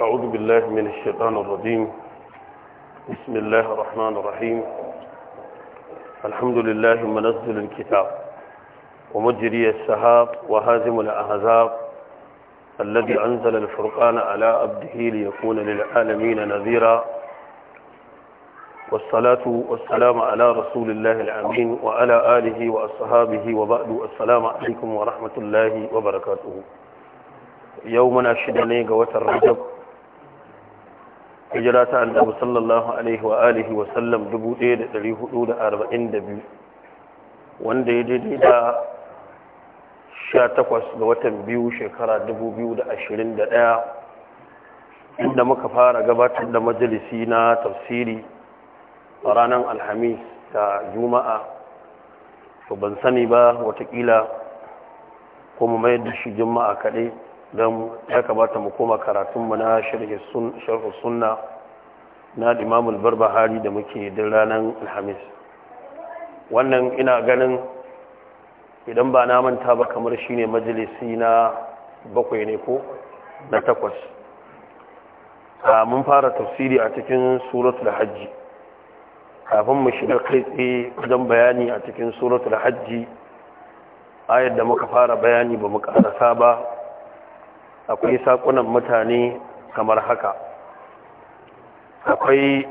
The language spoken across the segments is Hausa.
أعوذ بالله من الشيطان الرجيم بسم الله الرحمن الرحيم الحمد لله منزل الكتاب ومجري السحاب وهازم الأحزاب الذي أنزل الفرقان على عبده ليكون للعالمين نذيرا والصلاة والسلام على رسول الله الأمين وعلى آله وأصحابه وبعد السلام عليكم ورحمة الله وبركاته يومنا الشدني قوة الرجب هجرات النبي صلى الله عليه وآله وسلم دبو إيد دليه أولى أربعين دبي وان دي دي دي دا شاتقوس قوة بيو شكرا دبو بيو دا أشرين دا inda muka fara gabatar da majalisi na tafsiri ranar alhamis ta juma'a to ban sani ba watakila kuma mai da shi juma'a kaɗai don ya kamata mu koma karatunmu na sharhu sunna na imamul barbahari da muke din ranar alhamis wannan ina ganin idan ba na manta ba kamar shi ne majalisi na bakwai ne ko na takwas ah, mun fara tafsiri a cikin suratul hajji kafin mu shiga kai tsaye wajen bayani a cikin suratul hajji ayar da muka fara bayani ba mu karasa ba akwai sakunan mutane kamar haka akwai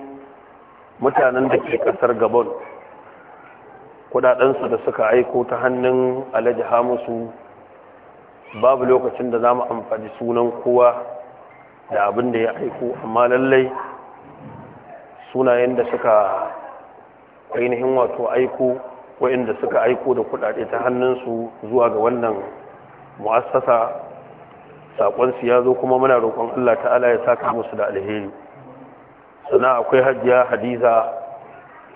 mutanen da ke ƙasar gabon kudadensu da suka aiko ta hannun alhaji hamusu babu lokacin da za mu amfani sunan kowa da abin da ya aiko amma lallai sunayen da suka ainihin wato aiko waɗanda suka aiko da kudade ta hannunsu zuwa ga wannan mu'assasa su ya zo kuma muna roƙon Allah ta'ala ya saka musu da alheri sana akwai hajiya hadiza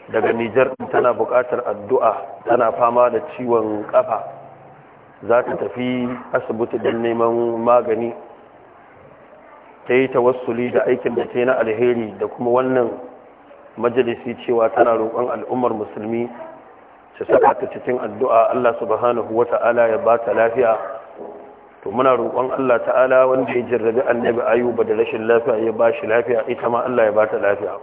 daga nijar tana buƙatar addu'a tana fama da ciwon ƙafa za ta tafi asibiti don neman magani ta yi tawassuli da aikin da ta na alheri da kuma wannan majalisi cewa tana roƙon al'ummar musulmi su saka ta cikin addu'a Allah subhanahu wa ta'ala ya ba ta lafiya to muna roƙon Allah ta'ala wanda ya jirrabi annabi ayuba da rashin lafiya ya ba shi lafiya ita ma Allah ya ba ta lafiya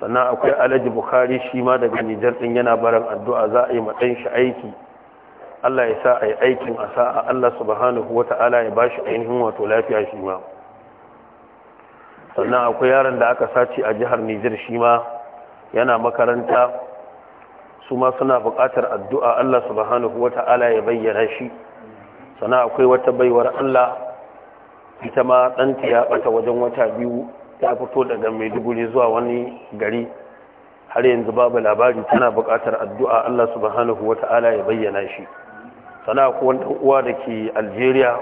sannan akwai alhaji bukhari shi ma daga nijar ɗin yana barin addu'a za a yi matsayin shi aiki Allah ya sa a yi aikin a sa'a Allah subhanahu wa ta'ala ya ba shi ainihin wato lafiya shi ma sannan akwai yaron da aka sace a jihar Nijar shi ma yana makaranta su ma suna buƙatar addu'a Allah subhanahu ta'ala ya bayyana shi sannan akwai wata baiwar Allah ita ma ɗanta ya ɓata wajen wata biyu ta fito daga maiduguri zuwa wani gari har yanzu babu labari tana buƙatar addu'a Allah subhanahu ta'ala ya bayyana shi sannan akwai wanda uwa da ke Algeria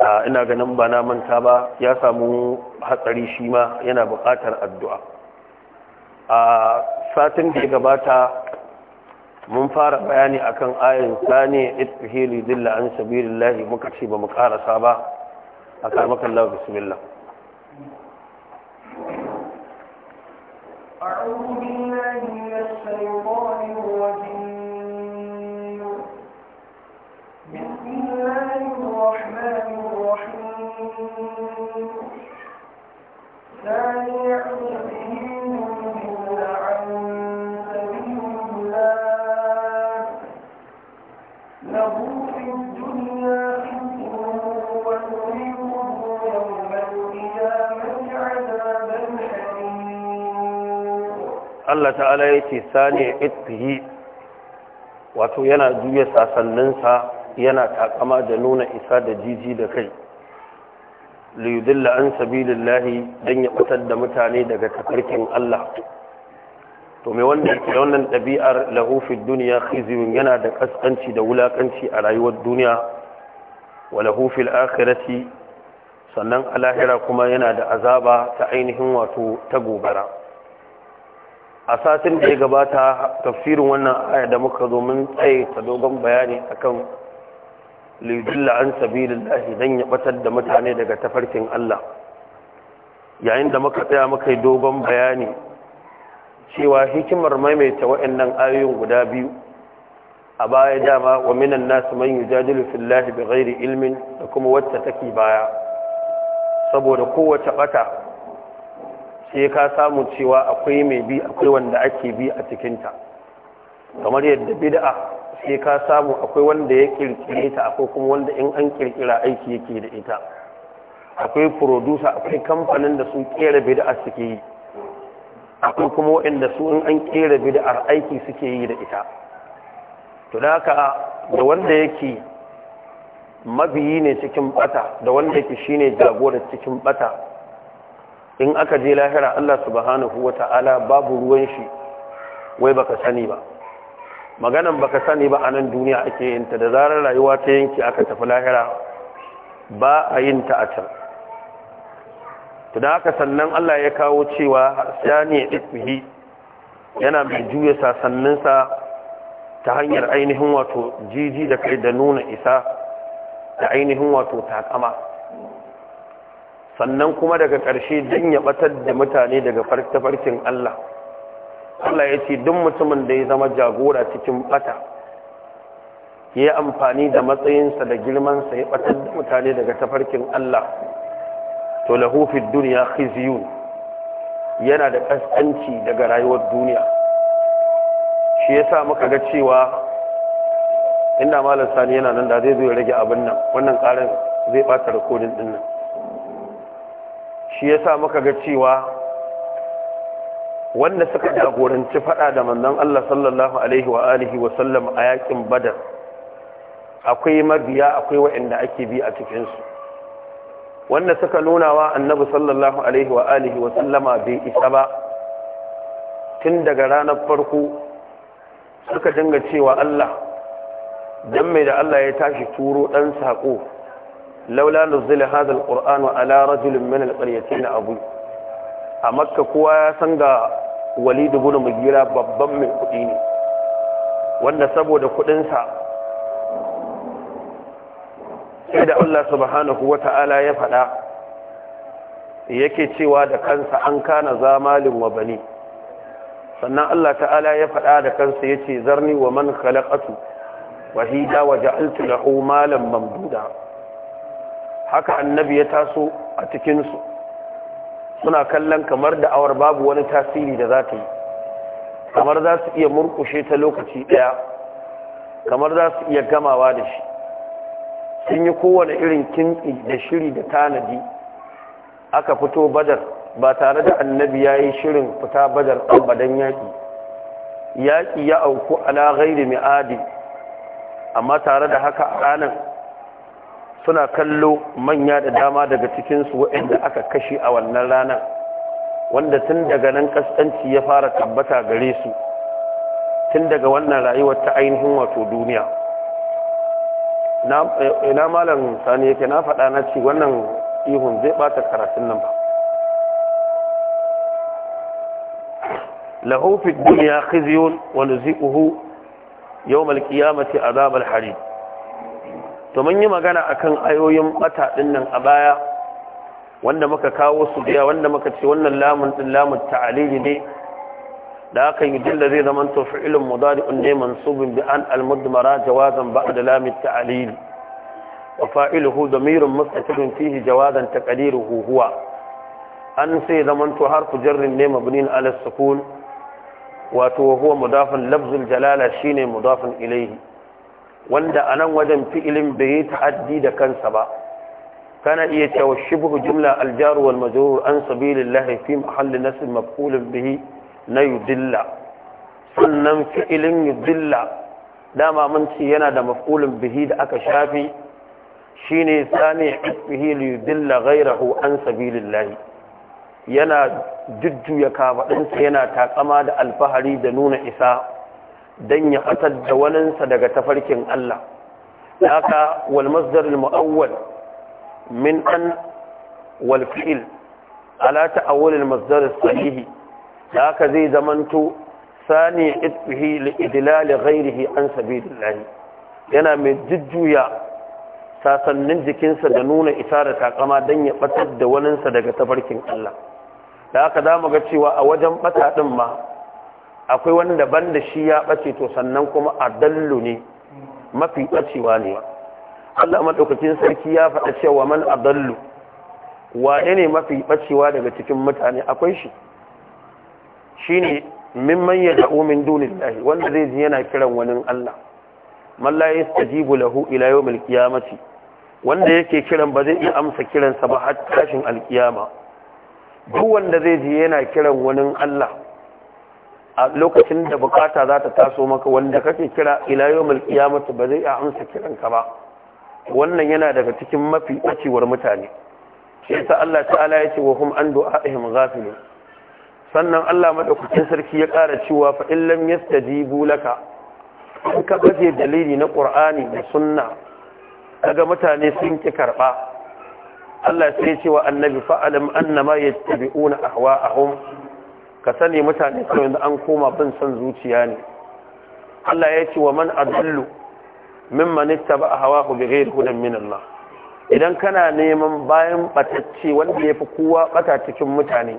ina ganin ba na manta ba ya samu hatsari shi ma yana buƙatar addu'a a satin da ya gabata mun fara bayani akan ayin sani itfihili dilla an sabilillahi muka ce ba mu karasa ba a karmakan lawa bismillah أعوذ بالله من الشيطان الرجيم Allah ta'ala ya ce sani ittihi wato yana juya sasanninsa yana takama da nuna isa da jiji da kai liyudilla an sabilillahi dan ya batar da mutane daga tafarkin Allah to mai wannan wannan dabi'ar lahufin fi dunya yana da ƙasƙanci da wulakanci a rayuwar duniya wa lahufin fil sannan a lahira kuma yana da azaba ta ainihin wato ta gobara a satin da ya gabata tafsirin wannan aya da muka zo mun tsaye ta dogon bayani akan lidilla an sabilillahi dan ya batar da mutane daga tafarkin Allah yayin da muka tsaya muka yi dogon bayani cewa hikimar maimaita waɗannan ayoyin guda biyu a baya dama wa minan nasu man yujadilu fillahi bighairi ilmin da kuma wacce take baya saboda kowace bata sai ka samu cewa akwai mai bi akwai wanda ake bi a cikinta kamar yadda bid'a sai ka samu akwai wanda ya kirkire ta akwai kuma wanda in an kirkira aiki yake da ita akwai producer akwai kamfanin da sun kera bid'a suke yi akwai kuma waɗanda su in an kera aiki suke yi da ita to da haka da wanda yake mabiyi ne cikin bata da wanda yake shine jagorar cikin bata in aka je lahira Allah subhanahu wata'ala babu ruwan shi wai baka sani ba maganan baka sani ba a nan duniya ake yin ta da zarar rayuwa ta yanki aka tafi lahira ba a yin ta a can tuna haka sannan Allah ya kawo cewa sani ya ɗifihi yana mai juya sasanninsa ta hanyar ainihin wato jiji da kai da nuna isa da ainihin wato takama sannan kuma daga ƙarshe jin ya batar da mutane daga farkin Allah Allah ya ce duk mutumin da ya zama jagora cikin bata ya yi amfani da matsayinsa da girmansa ya batar da mutane daga tafarkin Allah to Lahufin duniya khizyun yana da kaskanci daga rayuwar duniya shi ya sa muka ga cewa inda malam sani yana nan da zai zo ya rage abin nan wannan karin zai bata rikodin din nan shi sa muka ga cewa wanda suka jagoranci faɗa da manzon Allah sallallahu alaihi wa alihi wa a yakin badar akwai mabiya akwai waɗanda ake bi a cikin su wanda suka nuna wa annabi sallallahu alaihi wa sallama bai isa ba tun daga ranar farko suka dinga cewa Allah dan mai da Allah ya tashi turo ɗan saƙo, laula nuzila hadha wa ala rajulin min na abu a makka kowa ya san ga walidu bin mugira babban mai kuɗi ne wanda saboda kuɗinsa sai da Allah subhanahu wata'ala ya faɗa yake cewa da kansa an kana zamalin wa bani sannan Allah ta'ala ya faɗa da kansa ya ce zarni wa man khalaqatu wahida wa ja'altu lahu malan mamduda haka annabi ya taso a cikinsu suna kallon kamar da awar babu wani tasiri da za ta yi kamar za su iya murkushe ta lokaci ɗaya kamar za su iya gamawa da shi sun yi kowane irin kintsi da shiri da tanadi aka fito badar ba tare da annabi ya yi shirin fita badar ɗan badan yaƙi yaƙi ya auku ala ghairi mi'adi amma tare da haka a ranar suna kallo manya da dama daga cikinsu waɗanda aka kashe a wannan ranar wanda tun daga nan kaskanci ya fara tabbata gare su tun daga wannan rayuwar ta ainihin wato duniya ina malam sani yake na faɗa na ce wannan ihun zai ɓata karatun nan ba lahofin duniya khiziyun wani zikuhu yau mace azabar harin to mun yi magana akan ayoyin bata dinnan a baya wanda muka kawo su biya wanda muka ce wannan lamun din lamun ta'alili ne da aka yi dilla zai zama to fi'ilun mudari'un ne mansubin bi an al-mudmara jawazan ba'da lamin ta'alili wa fa'iluhu damirun mustatirun fihi jawazan taqdiruhu huwa an sai zaman to harfu jarrin ne mabnin ala sukun wato huwa mudafin lafzul jalala shine mudafin ilayhi wanda a nan wajen fi'ilin bai yi ta'addi da kansa ba kana iya cewa shibhu jumla aljaru wal an an sabilillahi fi mahalli nasb maf'ulun bihi na yudilla sannan fi'ilin yudilla dama mun ce yana da maf'ulun bihi da aka shafi Shi ne sani bihi li yudilla ghayrahu an sabilillahi yana jujjuya kafaɗinsa yana taƙama da alfahari da nuna isa dan ya fatar da waninsa daga tafarkin Allah haka wal masdar al muawwal min an wal fi'l ala ta'awul al masdar al sahih haka zai zamanto sani itfihi li idlal ghairihi an sabilillah yana mai jujjuya sasannin jikinsa da nuna isa da takama dan ya batar da waninsa daga tafarkin Allah da haka za mu ga cewa a wajen bata ɗin ma akwai wani daban da shi ya ɓace to sannan kuma a dallu ne mafi ɓacewa ne Allah maɗaukacin sarki ya faɗa cewa man a dallu wane ne mafi ɓacewa daga cikin mutane akwai shi shi ne mimman ya da'u dunin lahi wanda zai ji yana kiran wani Allah malla ya ji lahu ila yau milkiyamaci wanda yake kiran ba zai iya amsa kiransa ba har tashin alkiyama duk wanda zai ji yana kiran wani Allah a lokacin da bukata za ta taso maka wanda kake kira Ilayo yawmul ba zai amsa kiranka ba wannan yana daga cikin mafi bacewar mutane sai ta Allah ta'ala ya ce wa hum an du'a'ihim ghafilun sannan Allah madaukakin sarki ya ƙara cewa fa in lam yastajibu laka in ka baje dalili na Qur'ani da Sunna kaga mutane sun ki karba Allah sai ya ce wa annabi fa alam annama yattabi'una ahwa'ahum ka sani mutane kawai da an koma bin son zuciya ne Allah ya ce wa man adallu mimman ittaba hawahu bighayri hudan min Allah idan kana neman bayan batacce wanda yafi kowa bata cikin mutane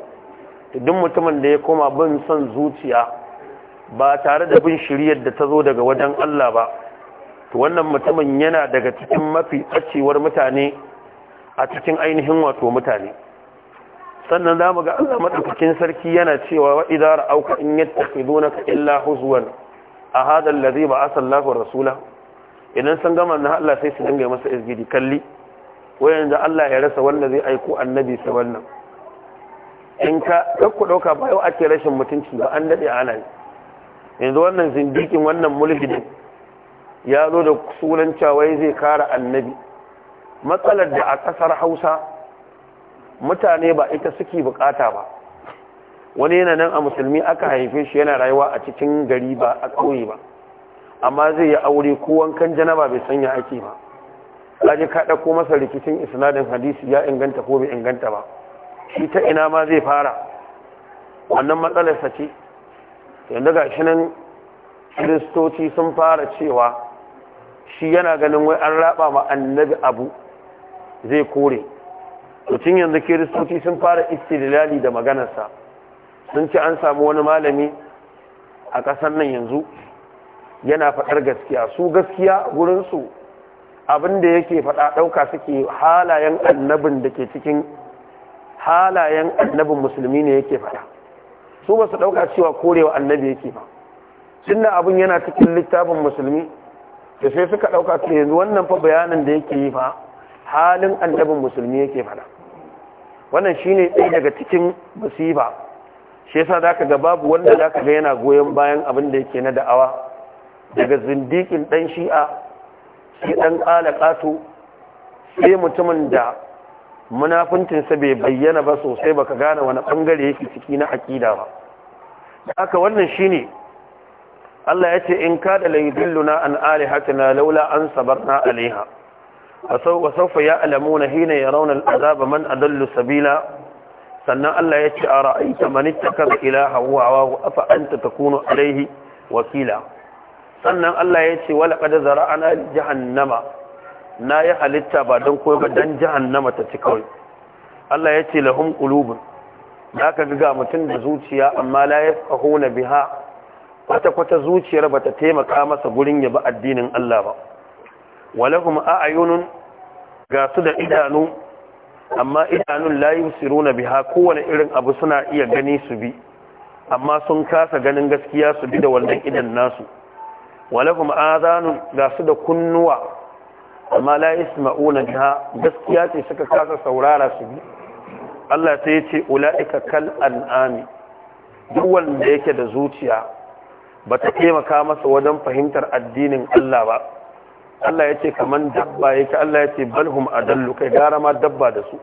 duk mutumin da ya koma bin son zuciya ba tare da bin shiryar da tazo daga wajen Allah ba to wannan mutumin yana daga cikin mafi tsacewar mutane a cikin ainihin wato mutane sannan za mu ga Allah madaukakin sarki yana cewa wa idza ra'auka in yattakhidunaka illa huzwan a hadha ba ba'atha Allahu rasula idan san gama na Allah sai su dinga masa izgidi kalli wayan da Allah ya rasa wanda zai aiko annabi sa wannan in ka ɗauka dauka bayo ake rashin mutunci ba an dade ana yanzu wannan zindikin wannan mulhidin ya zo da sunan wai zai kara annabi matsalar da a kasar Hausa mutane ba ita suke bukata ba wani yana nan a musulmi aka haife shi yana rayuwa a cikin gari ba a ƙauye ba amma zai yi aure ko wankan janaba bai sanya ake ba kaje ka ko masa rikicin isnadin hadisi ya inganta ko bai inganta ba shi ta ina ma zai fara wannan matsalar sa ce yanda ga nan kiristoci sun fara cewa shi yana ganin wai an raba ma annabi abu zai kore mutum yanzu kiristoci sun fara istilali da maganarsa sun ci an samu wani malami a ƙasar nan yanzu yana faɗar gaskiya su gaskiya gurinsu abinda yake faɗa ɗauka suke halayen annabin da ke cikin halayen annabin musulmi ne yake faɗa su ba su ɗauka cewa korewa annabi yake ba tunda abin yana cikin littafin musulmi da sai suka ɗauka su yanzu wannan fa bayanin da yake yi fa halin annabin musulmi yake faɗa wannan shine ɗaya daga cikin masifa shi yasa ka ga babu wanda za ka ga yana goyon bayan abin da yake na da'awa daga zindikin ɗan shi'a shi ɗan ƙala ƙato, sai mutumin da munafuncinsa bai bayyana ba sosai ba ka gane wani bangare yake ciki na akida ba Da aka wannan shi ne, Allah ya ce in ka kada la yudilluna an na laula an na alaiha وسوف يعلمون حين يرون العذاب من أدل سبيلا sannan Allah ya ce a ra'aita manitta kaza ilaha wa afa anta takunu alaihi wakila sannan Allah ya ce wala qad zara'ana li jahannama na ya halitta ba don koyi ba dan jahannama ta ci kawai Allah ya ce lahum qulubun zaka ga mutum da zuciya amma la yafqahuna biha kwata kwata zuciyar bata taimaka masa gurin ya ba addinin Allah ba walahum A'ayunun ga su da idanu amma idanun la na biha kowane irin abu suna iya gani su bi amma sun kasa ganin gaskiya su bi da wannan idan nasu walahum azanun ga su da kunnuwa amma la na biha gaskiya ce suka kasa saurara su bi Allah ta yi ce ula'ika kal an'ami duk wanda yake da zuciya ba ta taimaka masa wajen fahimtar addinin Allah ba Allah ya ce kaman dabba ya ce Allah ya ce balhum adallu kai gara ma dabba da su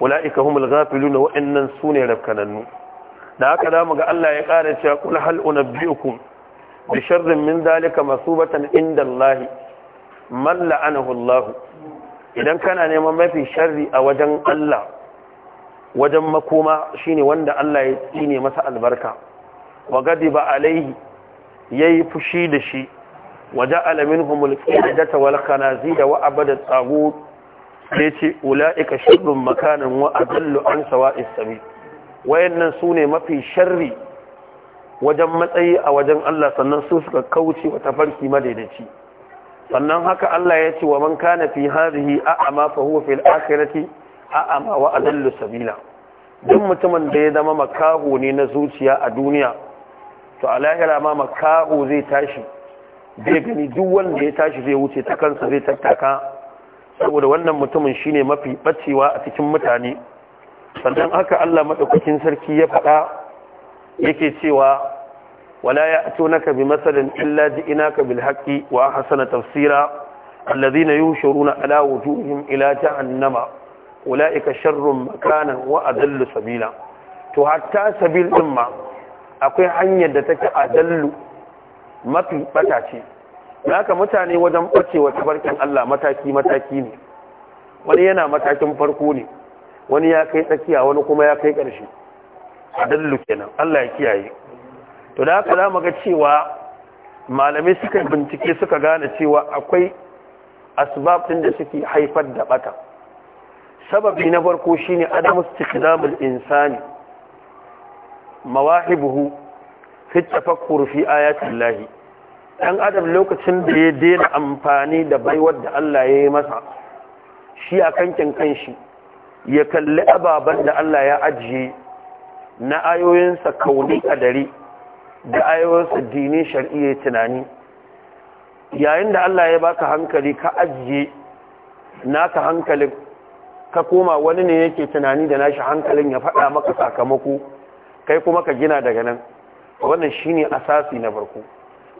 ulaika humul ghafiluna wa innan sune rafkanannu da haka zamu ga Allah ya ƙara cewa kul hal unabbiukum bi sharrin min zalika masubatan inda Allah man la'anahu Allah idan kana neman mafi sharri a wajen Allah wajen makoma shine wanda Allah ya tsine masa albarka wa gadi ba alaihi yayi fushi da shi وجعل منهم القردة والخنازير وعبد الطاغوت yace ulaika sharrun makanan wa adallu an sawa'is sabil wayannan sune mafi sharri wajen matsayi a wajen Allah sannan su suka kauce wa tafarki madaidaici sannan haka Allah ya ce wa man kana fi hadhihi a'ama fa huwa fil akhirati a'ama wa adallu sabila duk mutumin da ya zama makaho ne na zuciya a duniya to a lahira ma makaho zai tashi zai gani duk wanda ya tashi zai wuce ta kansa zai tattaka saboda wannan mutumin shine mafi bacewa a cikin mutane sannan haka Allah madaukakin sarki ya faɗa yake cewa wala ya'tunaka bi masalin illa ji'naka bil haqqi wa ahsana tafsira alladhina yushuruna ala wujuhihim ila jahannama ulaika sharrun makanan wa adallu sabila to hatta sabil din ma akwai hanyar da take adallu mafi bata ce da aka mutane wajen bacewa tabarkin Allah mataki mataki ne wani yana matakin farko ne wani ya kai tsakiya wani kuma ya kai ƙarshe a ke kenan Allah ya kiyaye to da aka za mu ga cewa malamai suka bincike suka gane cewa akwai asbab din da suke haifar da bata sababi na farko shine adam istiqdamul insani mawahibuhu fi tafakkur fi ayati llahi ɗan adam lokacin da ya daina amfani da baiwar da Allah ya yi masa shi a kankin kanshi ya kalli ababen da Allah ya ajiye na ayoyinsa kauni a dare da ayoyinsa dini shari'a tunani yayin da Allah ya baka hankali ka ajiye naka hankalin ka koma wani ne yake tunani da nashi hankalin ya faɗa maka sakamako kai kuma ka gina daga nan wannan shine asasi na farko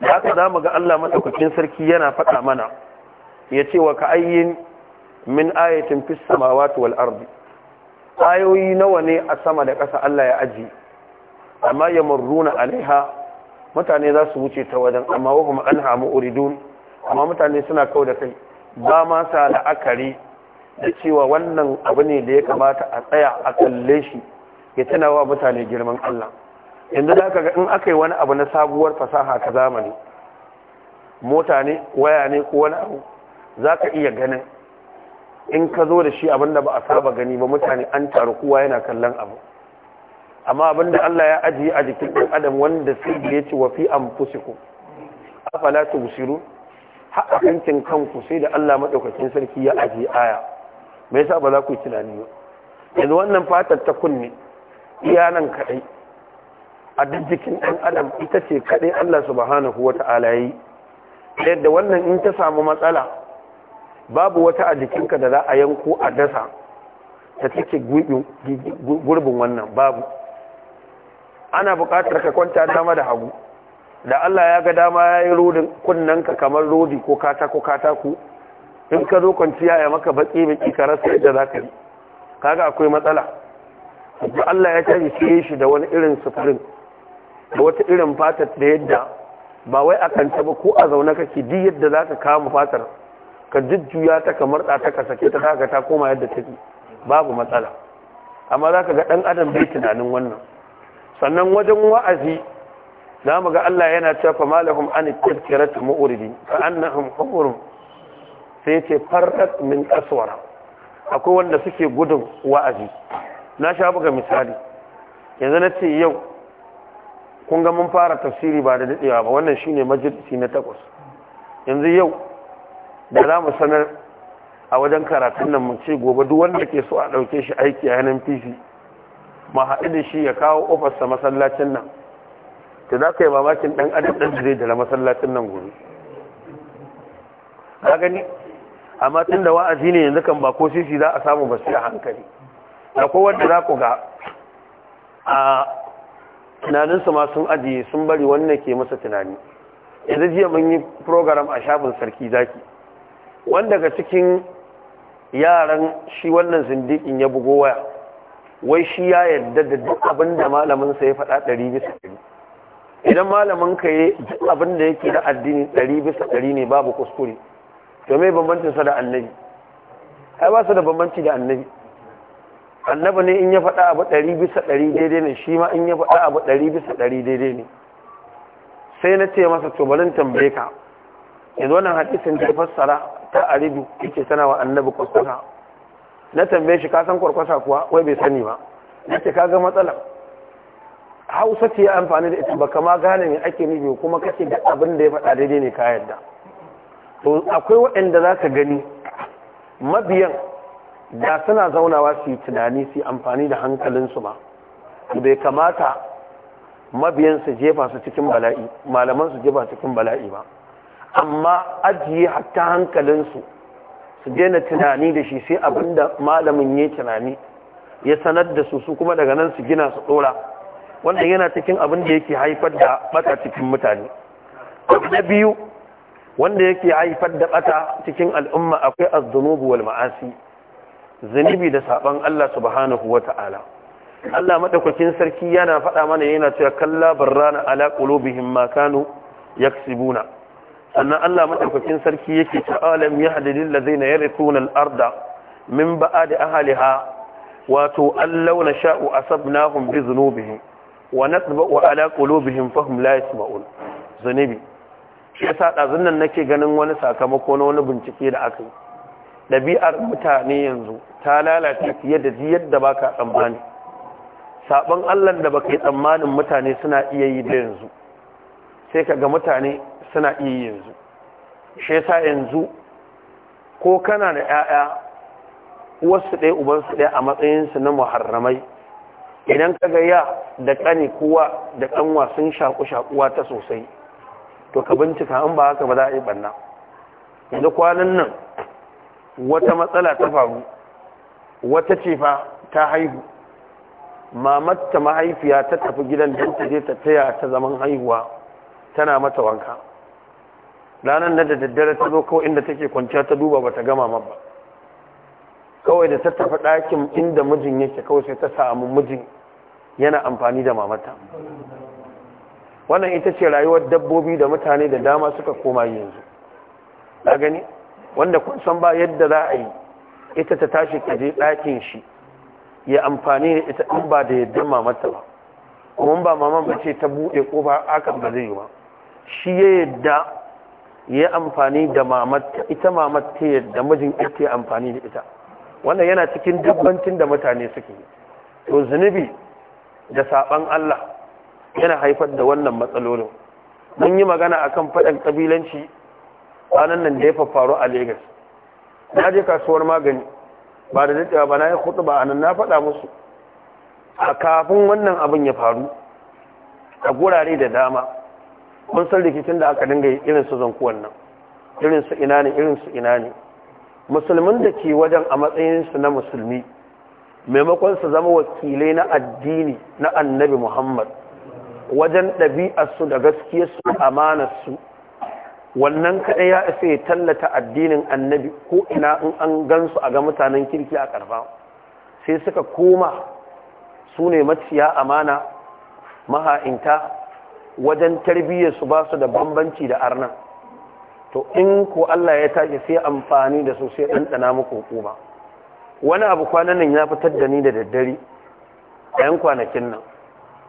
da haka za mu ga Allah matsakacin sarki yana faɗa mana ya ce wa ka ayyin min ayatin fissa samawati wal ardi ayoyi nawa ne a sama da ƙasa Allah ya aji amma ya marruna alaiha mutane za su wuce ta wajen amma an hamu uridun amma mutane suna kau da kai ba ma sa la'akari da cewa wannan abu ne da ya kamata a tsaya a kalle shi ya wa mutane girman Allah yanzu da ga in aka yi wani abu na sabuwar fasaha ta zamani mota ne waya ne ko wani abu za ka iya ganin in ka zo da shi abinda ba a saba gani ba mutane an taru kowa yana kallon abu amma abinda Allah ya ajiye a jikin ɗan adam wanda sai ya ce wa fi anfusikum afala tubsirun haɗa kankin kanku sai da Allah maɗaukakin sarki ya ajiye aya me sa ba za ku yi tunani ba yanzu wannan fatar ta kunne iya nan kaɗai a duk jikin ɗan adam ita ce kaɗai Allah subhanahu wa ta'ala yi yadda wannan in ta samu matsala babu wata a jikinka da za a yanko a dasa ta cike gurbin wannan babu ana buƙatar ka kwanta dama da hagu da Allah ya ga dama ya yi rodin kunnanka kamar rodi ko katako katako in ka zo kwanciya ya maka baƙi baƙi ka rasa yadda za ka yi kaga akwai matsala da Allah ya tashi shi da wani irin sufurin da wata irin fatar da yadda ba wai a kanta ba ko a zaune kake duk yadda za ka kama fatar ka jujjuya ta kamar ta ka sake ta kaga ta koma yadda take babu matsala amma za ka ga ɗan adam bai tunanin wannan sannan wajen wa'azi za mu ga Allah yana cewa fa malahum an tadhkiratu mu'ridi fa annahum humurum sai ce farrat min aswara akwai wanda suke gudun wa'azi na sha buga misali yanzu na ce yau kun ga mun fara tafsiri ba da daɗewa ba wannan shine majalisi na takwas yanzu yau da za mu sanar a wajen karatun nan mu ce gobe duk wanda ke so a ɗauke shi aiki a yanar pc ma haɗu da shi ya kawo ofarsa masallacin nan ta za ka yi mamakin ɗan adam ɗan da zai dala masallacin nan gobe ka gani amma tun da wa'azi ne yanzu kan ba ko sisi za a samu ba sai a hankali da kowanne za ku ga a tunaninsa ma sun ajiye sun bari wannan ke masa tunani yanzu jiya mun yi program a shafin sarki zaki wanda daga cikin yaran shi wannan zindikin ya bugo waya wai shi ya yarda da duk abin da malaminsa ya faɗa ɗari bisa ɗari idan malamin ka yi duk abin da yake da addini ɗari bisa ɗari ne babu kuskure to mai bambancinsa da annabi ai ba su da bambanci da annabi annaba ne in ya faɗa abu ɗari bisa ɗari daidai ne shi ma in ya faɗa abu ɗari bisa ɗari daidai ne sai na ce masa tobalin tambaye ka yanzu wannan hadisin ta fassara ta aribu yake sana wa annabi kwakwasa na tambaye shi kasan kwakwasa kuwa wai bai sani ba na ce kaga matsala hausa ce ya amfani da ita baka ma gane me ake nufi kuma kake da abin da ya faɗa daidai ne ka yadda to akwai waɗanda za ka gani mabiyan da suna zaunawa su yi tunani su yi amfani da hankalinsu ba bai kamata mabiyan su jefa su cikin bala'i malaman su jefa cikin bala'i ba amma ajiye hatta hankalinsu su daina tunani da shi sai abinda malamin ya tunani ya sanar da su su kuma daga nan su gina su dora wannan yana cikin abin da yake haifar da bata cikin mutane na biyu wanda yake haifar da bata cikin al'umma akwai az-dunubu wal ma'asi zunubi da saban Allah subhanahu wata'ala Allah madaukakin sarki yana faɗa mana yana cewa kalla barrana ala qulubihim ma kanu yaksibuna sannan Allah madaukakin sarki yake ta alam yahdidil ladzina yarithuna al-arda min ba'di ahliha wato allau na sha'u asabnahum bi dhunubihim wa natba'u ala qulubihim fahum la yasma'un zunubi shi yasa saɗa nan nake ganin wani sakamako na wani bincike da aka yi ɗabi'ar mutane yanzu ta lalace fiye da yadda ba ka tsammani saɓon allah da ba ka yi tsammanin mutane suna iya yi da yanzu sai ka ga mutane suna iya yi yanzu shi sa yanzu ko kana da 'ya'ya uwarsu ɗaya ubansu ɗaya a matsayinsu na muharramai idan ka ga ya da ƙani kuwa da ƙanwa sun shaƙu-shaƙuwa ta sosai to ka bincika an ba haka ba za a yi ɓanna yanzu kwanan nan wata matsala ta faru wata ce fa ta haihu mamatta mahaifiya ta tafi gidan don ta je ta taya ta zaman haihuwa tana mata wanka ranar na da daddare ta zo kawai inda take kwanciya ta duba ba ta gama ma ba kawai da ta tafi ɗakin inda mijin yake kawai sai ta samu mijin yana amfani da mamata wannan ita ce rayuwar dabbobi da mutane da dama suka koma yanzu na gani wanda kun san ba yadda za a yi ita ta tashi kaje je ɗakin shi ya amfani da ita in ba da yadda mamata ba kuma ba maman ba ce ta buɗe ba akan ba zai yi ba shi ya yadda ya amfani da mamata ita mamata yadda mijin ita amfani da ita wannan yana cikin dubbancin da mutane suke yi to zunubi da saɓan Allah yana haifar da wannan matsalolin mun yi magana akan faɗan kabilanci kwanan nan da ya faru a Legas na je kasuwar magani ba da daɗewa ba na yi hudu ba a nan na faɗa musu a kafin wannan abin ya faru a gurare da dama kun san rikicin da aka dinga irin su zankuwan nan irin su ina ne irin su ina ne musulmin da ke wajen a matsayinsu na musulmi maimakon su zama wakilai na addini na annabi muhammad wajen ɗabi'arsu da gaskiyarsu amanarsu wannan kaɗai ya isa ya tallata addinin annabi ko ina in an gansu a ga mutanen kirki a ƙarfa sai suka koma su ne maciya amana maha'inta wajen su ba su da bambanci da arna to in ko Allah ya tashi sai amfani da su sai ɗanɗana muku hukuma wani abu kwanan nan ya fitar da ni da daddare a yan kwanakin nan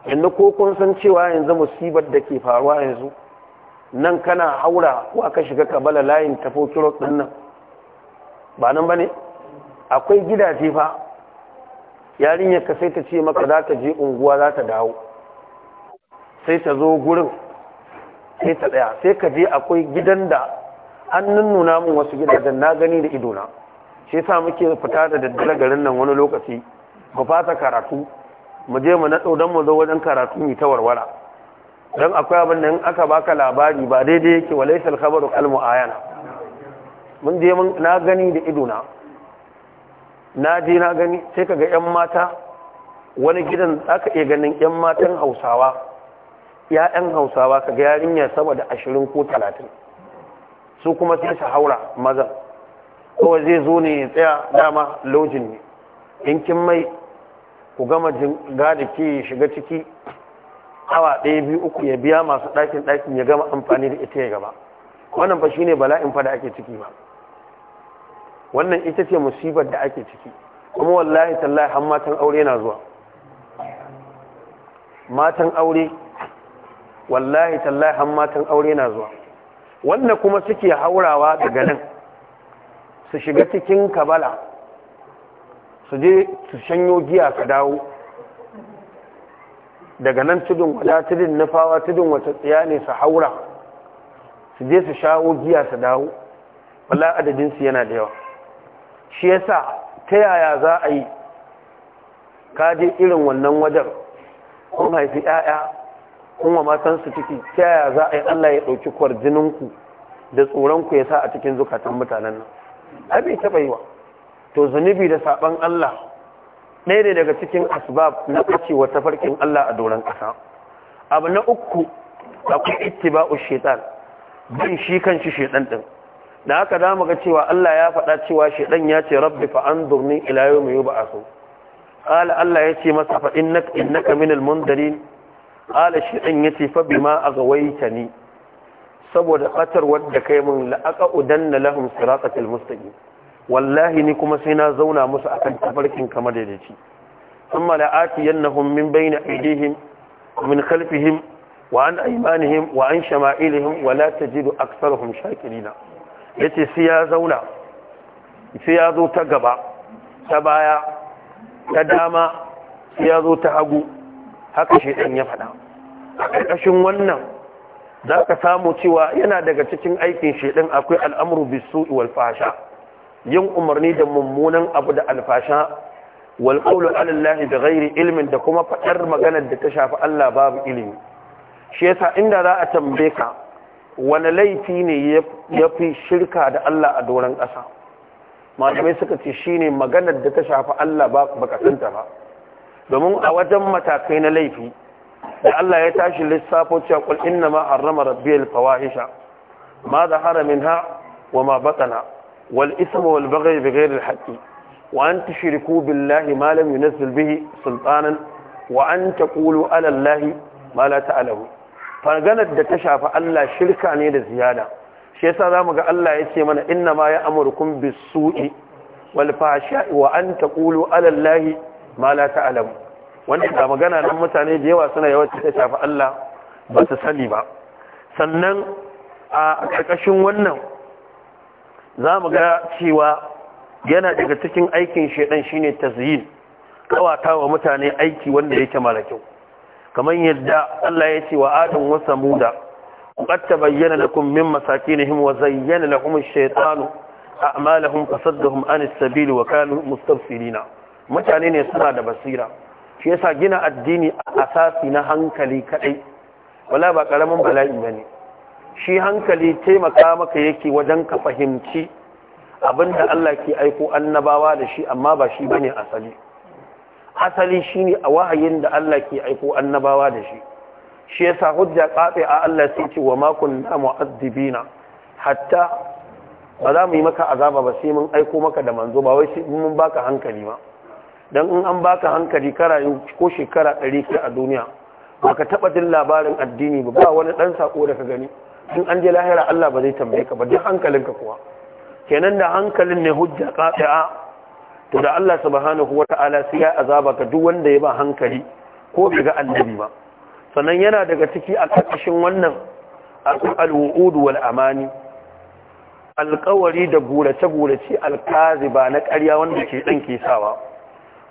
yanzu ko kun san cewa yanzu musibar da ke faruwa yanzu nan kana haura ko aka shiga kabala layin tafo kiro ɗin nan ba nan ba akwai gidaje fa yarinyar ka sai ta ce maka za ka je unguwa za ta dawo sai ta zo gurin sai ta tsaya sai ka je akwai gidan da an nunnuna min wasu gidajen na gani da idona shi sa muke fita da daddare garin nan wani lokaci mu fasa karatu mu je mu naɗo don mu zo wajen karatu yi ta warwara don akwai abin da in aka baka labari ba daidai yake wa laisar alkhabaru kal muayana mun je mun na gani da ido na na je na gani sai kaga yan mata wani gidan aka iya ganin yan matan Hausawa ya'yan Hausawa kaga yarinya saboda ashirin ko talatin su kuma sai su haura mazan kawai zai zo ne ya tsaya dama lojin ne in kin mai ku gama gada ke shiga ciki awa ɗaya biyu uku ya biya masu ɗakin ɗakin ya gama amfani da ita ya gaba wannan fa shine bala'in fa da ake ciki ba wannan ita ce musibar da ake ciki kuma wallahi tallahi har matan aure na zuwa matan aure wallahi tallahi har matan aure na zuwa wannan kuma suke haurawa daga nan su shiga cikin kabala su je su shanyo giya su dawo daga nan tudun wala tudun nufawa tudun wata tsaya ne su haura su je su shawo giya su dawo wala adadinsu yana da yawa shi yasa ta yaya za a yi kaje irin wannan wajen kun haifi 'ya'ya kun wa matansu ciki ta yaya za a yi allah ya ɗauki kwarjininku da tsoronku ya sa a cikin zukatan mutanen nan abin taɓa yi wa to zunubi da saɓan allah ɗaya ne daga cikin asbab na kacewa tafarkin Allah a doron ƙasa abu na uku akwai ittiba'u shaitan bin shi kanshi shaitan din da haka za mu ga cewa Allah ya faɗa cewa shaitan ya ce rabbi fa anzurni ila yawmi yub'asu qala Allah ya ce masa fa innaka innaka minal mundarin qala shaitan ya ce fa bima aghwaytani saboda fatar wadda kai mun la'aqa udanna lahum siratal mustaqim wallahi ni kuma sai na zauna musu akan tafarkin kamar da dace amma ati yannahum min bayni aydihim min khalfihim wa an aymanihim wa an shama'ilihim wa la tajidu aktharuhum shakirina yace sai ya zauna sai ya zo ta gaba ta baya ta dama sai ya zo ta hagu haka shedan ya faɗa kashin wannan zaka samu cewa yana daga cikin aikin shedan akwai al'amru bisu'i wal fahsha' yin umarni da mummunan abu da alfasha wal qawlu ala da bighairi ilmin da kuma faɗar maganar da ta shafi Allah babu ilimi shi yasa inda za a tambaye ka wani laifi ne yafi shirka da Allah a doron ƙasa malamai suka ce shine maganar da ta shafi Allah ba baka ba domin a wajen matakai na laifi da Allah ya tashi lissafo cewa kul inna ma harrama rabbiyal fawahisha ma zahara minha wa ma batana wal isma wal baghy bi ghayri al haqqi wa an tushriku bihi sultanan wa an taqulu ala allahi da ta shafi Allah shirka ne da ziyara, shi yasa zamu ga Allah ya ce mana inna ma ya amurkum bis su'i wal fahsha'i wa an taqulu ala allahi magana nan mutane da yawa suna yawanci ta shafi Allah ba su sani ba sannan a ƙarƙashin wannan za mu ga cewa yana daga cikin aikin shaidan shine tazyin kawata wa mutane aiki wanda yake mara kyau kamar yadda Allah ya ce wa adam wa samuda qad tabayyana lakum min masakinihim wa zayyana a ash-shaytanu a'malahum fasaddahum an as-sabil wa kanu mustafsirina mutane ne suna da basira shi yasa gina addini a asasi na hankali kaɗai? wala ba karamin bala'i bane shi hankali taimaka maka yake wajen ka fahimci abinda Allah ke aiko annabawa da shi amma ba shi bane asali asali shine a wahayin da Allah ke aiko annabawa da shi shi yasa hujja a Allah sai ce wa ma kunna mu'azzibina hatta ba za mu yi maka azaba ba sai mun aiko maka da manzo ba wai mun baka hankali ba dan in an baka hankali kara ko shekara 100 a duniya baka taba jin labarin addini ba ba wani dan sako da ka gani in an je lahira Allah ba zai tambaye ka ba duk hankalinka kuwa kenan da hankalin ne hujja qati'a to da Allah subhanahu wata'ala sai ya azaba ka duk wanda ya ba hankali ko bai ga annabi ba sannan yana daga ciki a ƙarƙashin wannan al-wu'ud wal amani alƙawari da gurace-gurace ba na ƙarya wanda ke dan ke sawa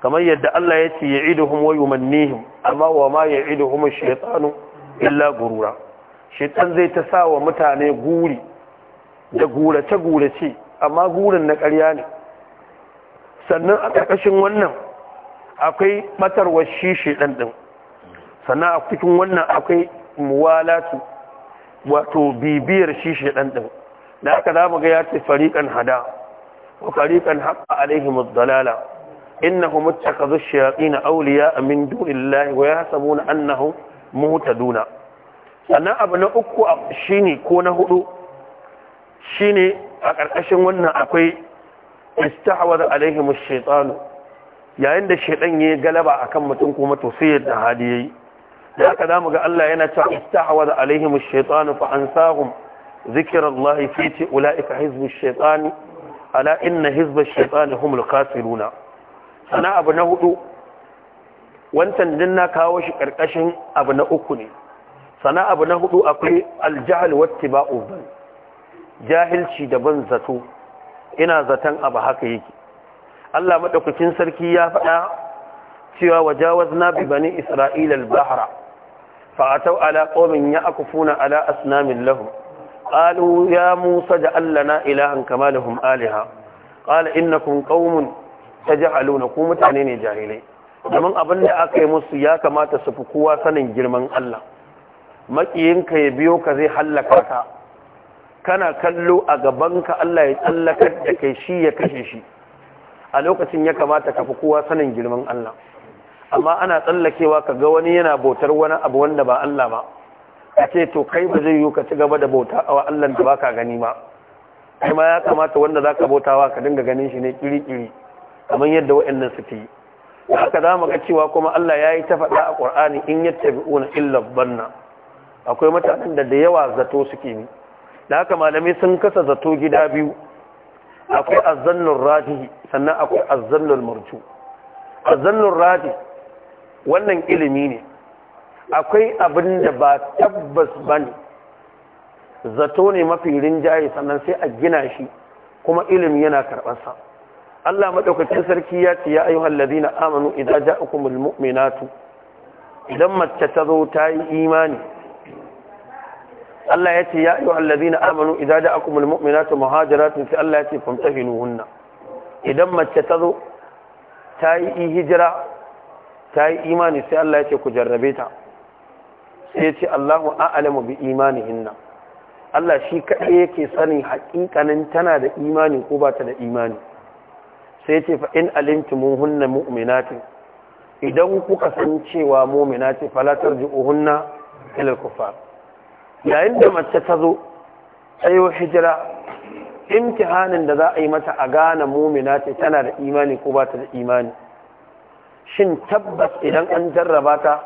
kamar yadda Allah ya ce ya wa yumannihim amma wa ma ya ash-shaytanu illa gurura shaitan zai ta sa wa mutane guri da gurace-gurace amma gurin na karya ne sannan a ƙarƙashin wannan akwai ɓatarwar shi shaitan ɗin sannan a cikin wannan akwai muwalatu wato bibiyar shi shaitan ɗin da aka za mu ga ya ce fariƙan hada wa fariƙan haƙa alaihim dalala innahum ittakhadhu ash auliya a min dunillahi wa yahsabuna ta muhtaduna sannan abu na uku ne ko na hudu shine a ƙarƙashin wannan akwai istahawar alaihim ash yayin da ya yi galaba akan mutum kuma to sai yadda hadi yi da haka zamu ga Allah yana cewa istahwaz alaihim fa shaytan fa zikirar zikrullahi fi ulaika hizbu ash ala inna hizba ash-shaytan humul khasiruna sana abu na hudu wancan din na kawo shi ƙarƙashin abu na uku ne sana abu na hudu akwai aljahal wattiba'u ban jahilci daban zato ina zaton abu haka yake Allah maɗaukacin sarki ya faɗa cewa wajawazna bi bani isra'ila al-bahra fa'atau ala aku ya'kufuna ala asnamin lahum qalu ya musa ja'al lana ilahan kama lahum alaha qala ta qaumun taj'aluna ku mutane ne jahilai domin abin da aka yi musu ya kamata su fi kowa sanin girman Allah makiyinka ya biyo ka zai hallaka ka kana kallo a gabanka Allah ya tsallaka da kai shi ya kashe shi a lokacin ya kamata ka fi kowa sanin girman Allah amma ana tsallakewa ka ga wani yana bautar wani abu wanda ba Allah ba a ce to kai ba zai yi ka ci gaba da bauta a Allah da baka gani ba kai ma ya kamata wanda za ka bautawa ka dinga ganin shi ne kiri-kiri kamar yadda waɗannan fi yi haka za mu ga cewa kuma Allah ya yi ta faɗa a ƙur'ani in yadda ya yattabi'una illar banna akwai mutanen da da yawa zato suke ne da haka malamai sun kasa zato gida biyu akwai azzannun rajihi sannan akwai azzannun murju azzannun raji wannan ilimi ne akwai abin da ba tabbas ba ne zato ne mafi rinjaye sannan sai a gina shi kuma ilimi yana karɓarsa Allah maɗaukacin sarki ya ce ya ayyuhal ladina amanu idan ja'akumul mu'minatu idan mace ta zo ta yi imani Allah ya ce ya yi wa allazina amanu idan da akumul mu'minatu muhajiratun sai Allah ya ce famtahinuhunna idan mace ta zo ta yi hijira ta yi imani sai Allah ya ce ku jarrabe ta sai ya ce Allahu a'alamu bi imani hinna. Allah shi kaɗai yake sanin haƙiƙanin tana da imani ko ba ta da imani sai ce fa in alimtumuhunna mu'minatin idan kuka san cewa ce falatar tarji'uhunna ila al-kuffar yayin da mace ta zo tsayo hijira imtihanin da za a yi mata a gane mumina ce tana da imani ko ba ta da imani shin tabbas idan an jarraba ta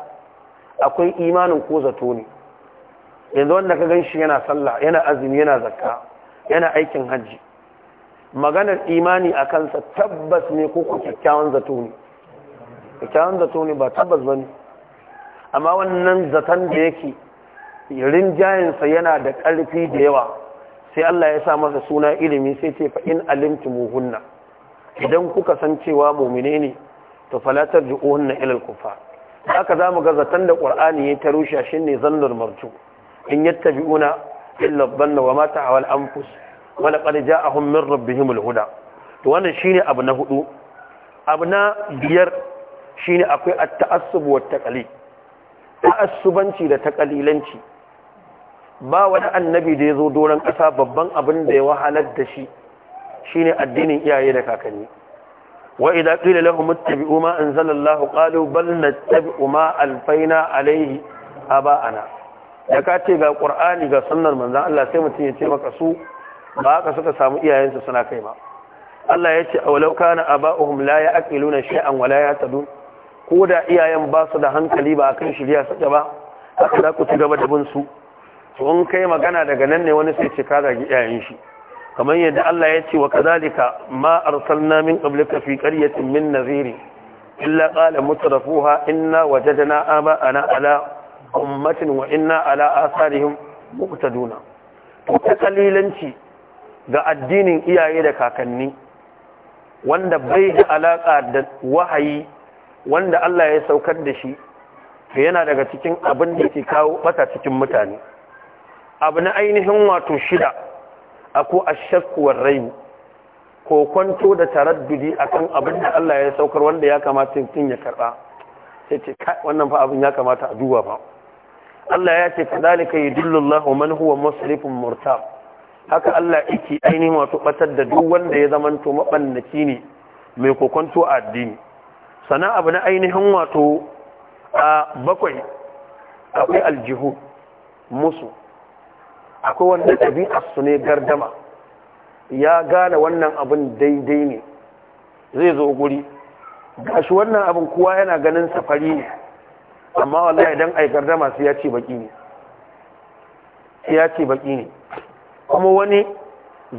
akwai imanin ko zato ne yanzu wanda ka gan shi yana sallah yana azumi yana zakka yana aikin hajji maganar imani a kansa tabbas ne ko ku kyakkyawan zato ne kyakkyawan zato ne ba tabbas ba ne amma wannan zaton da yake rinjayensa yana da ƙarfi da yawa sai Allah ya sa masa suna ilimi sai ce fa in alimtumuhunna idan kuka san cewa muminai ne to fala tarji'uhunna ila al-kufar haka zamu ga zaton da Kur'ani ya shi shine zannul marju in yattabi'una illa dhanna wa mata a anfus wa laqad a min rabbihim al-huda to wannan ne abu na hudu abu na biyar ne akwai at wa ta'assubanci da taqalilanci ba wani annabi da ya zo doron ƙasa babban abin da ya wahalar da shi shine addinin iyaye da kakanni wa idza qila lahum ittabi'u ma anzalallahu Ƙalu, bal tabi, umar alfaina alayhi ana da ka ce ga Ƙur'ani ga Sannan manzon Allah sai mutum ya ce maka su ba haka suka samu iyayensu suna kai ma Allah ya ce a awalau kana uhum la ya'qiluna shay'an wa ta yahtadun ko da iyayen ba su da hankali ba a kan shirya suke ba haka za ku ci gaba da bin su to in kai magana daga nan ne wani sai ce ka zagi iyayen shi kamar yadda Allah ya ce wa kazalika ma arsalna min qablika fi qaryatin min nadhiri illa qala mutrafuha inna wajadna ana ala ummatin wa inna ala asarihim muqtaduna to ta kalilanci ga addinin iyaye da kakanni wanda bai da alaka da wahayi wanda Allah ya saukar da shi yana daga cikin abin da ke kawo bata cikin mutane abu na ainihin wato shida ako ashakku rai ko kwanto da taraddudi akan abin da Allah ya saukar wanda ya kamata mutum ya karba sai ce wannan fa abin ya kamata a duba fa Allah ya ce kadalika yudillullahu man huwa musrifun murtab haka Allah yake ainihin wato batar da duk wanda ya zamanto mabannaki ne mai kokonto a addini sana abu na ainihin wato a bakwai akwai aljihu musu akwai wanda ɗabi'arsu ne gardama ya gane wannan abin daidai ne zai zo guri gashi wannan abin kuwa yana ganin safari ne amma wallahi idan ai gardama su ya ce baki ne su ya ce baki ne kuma wani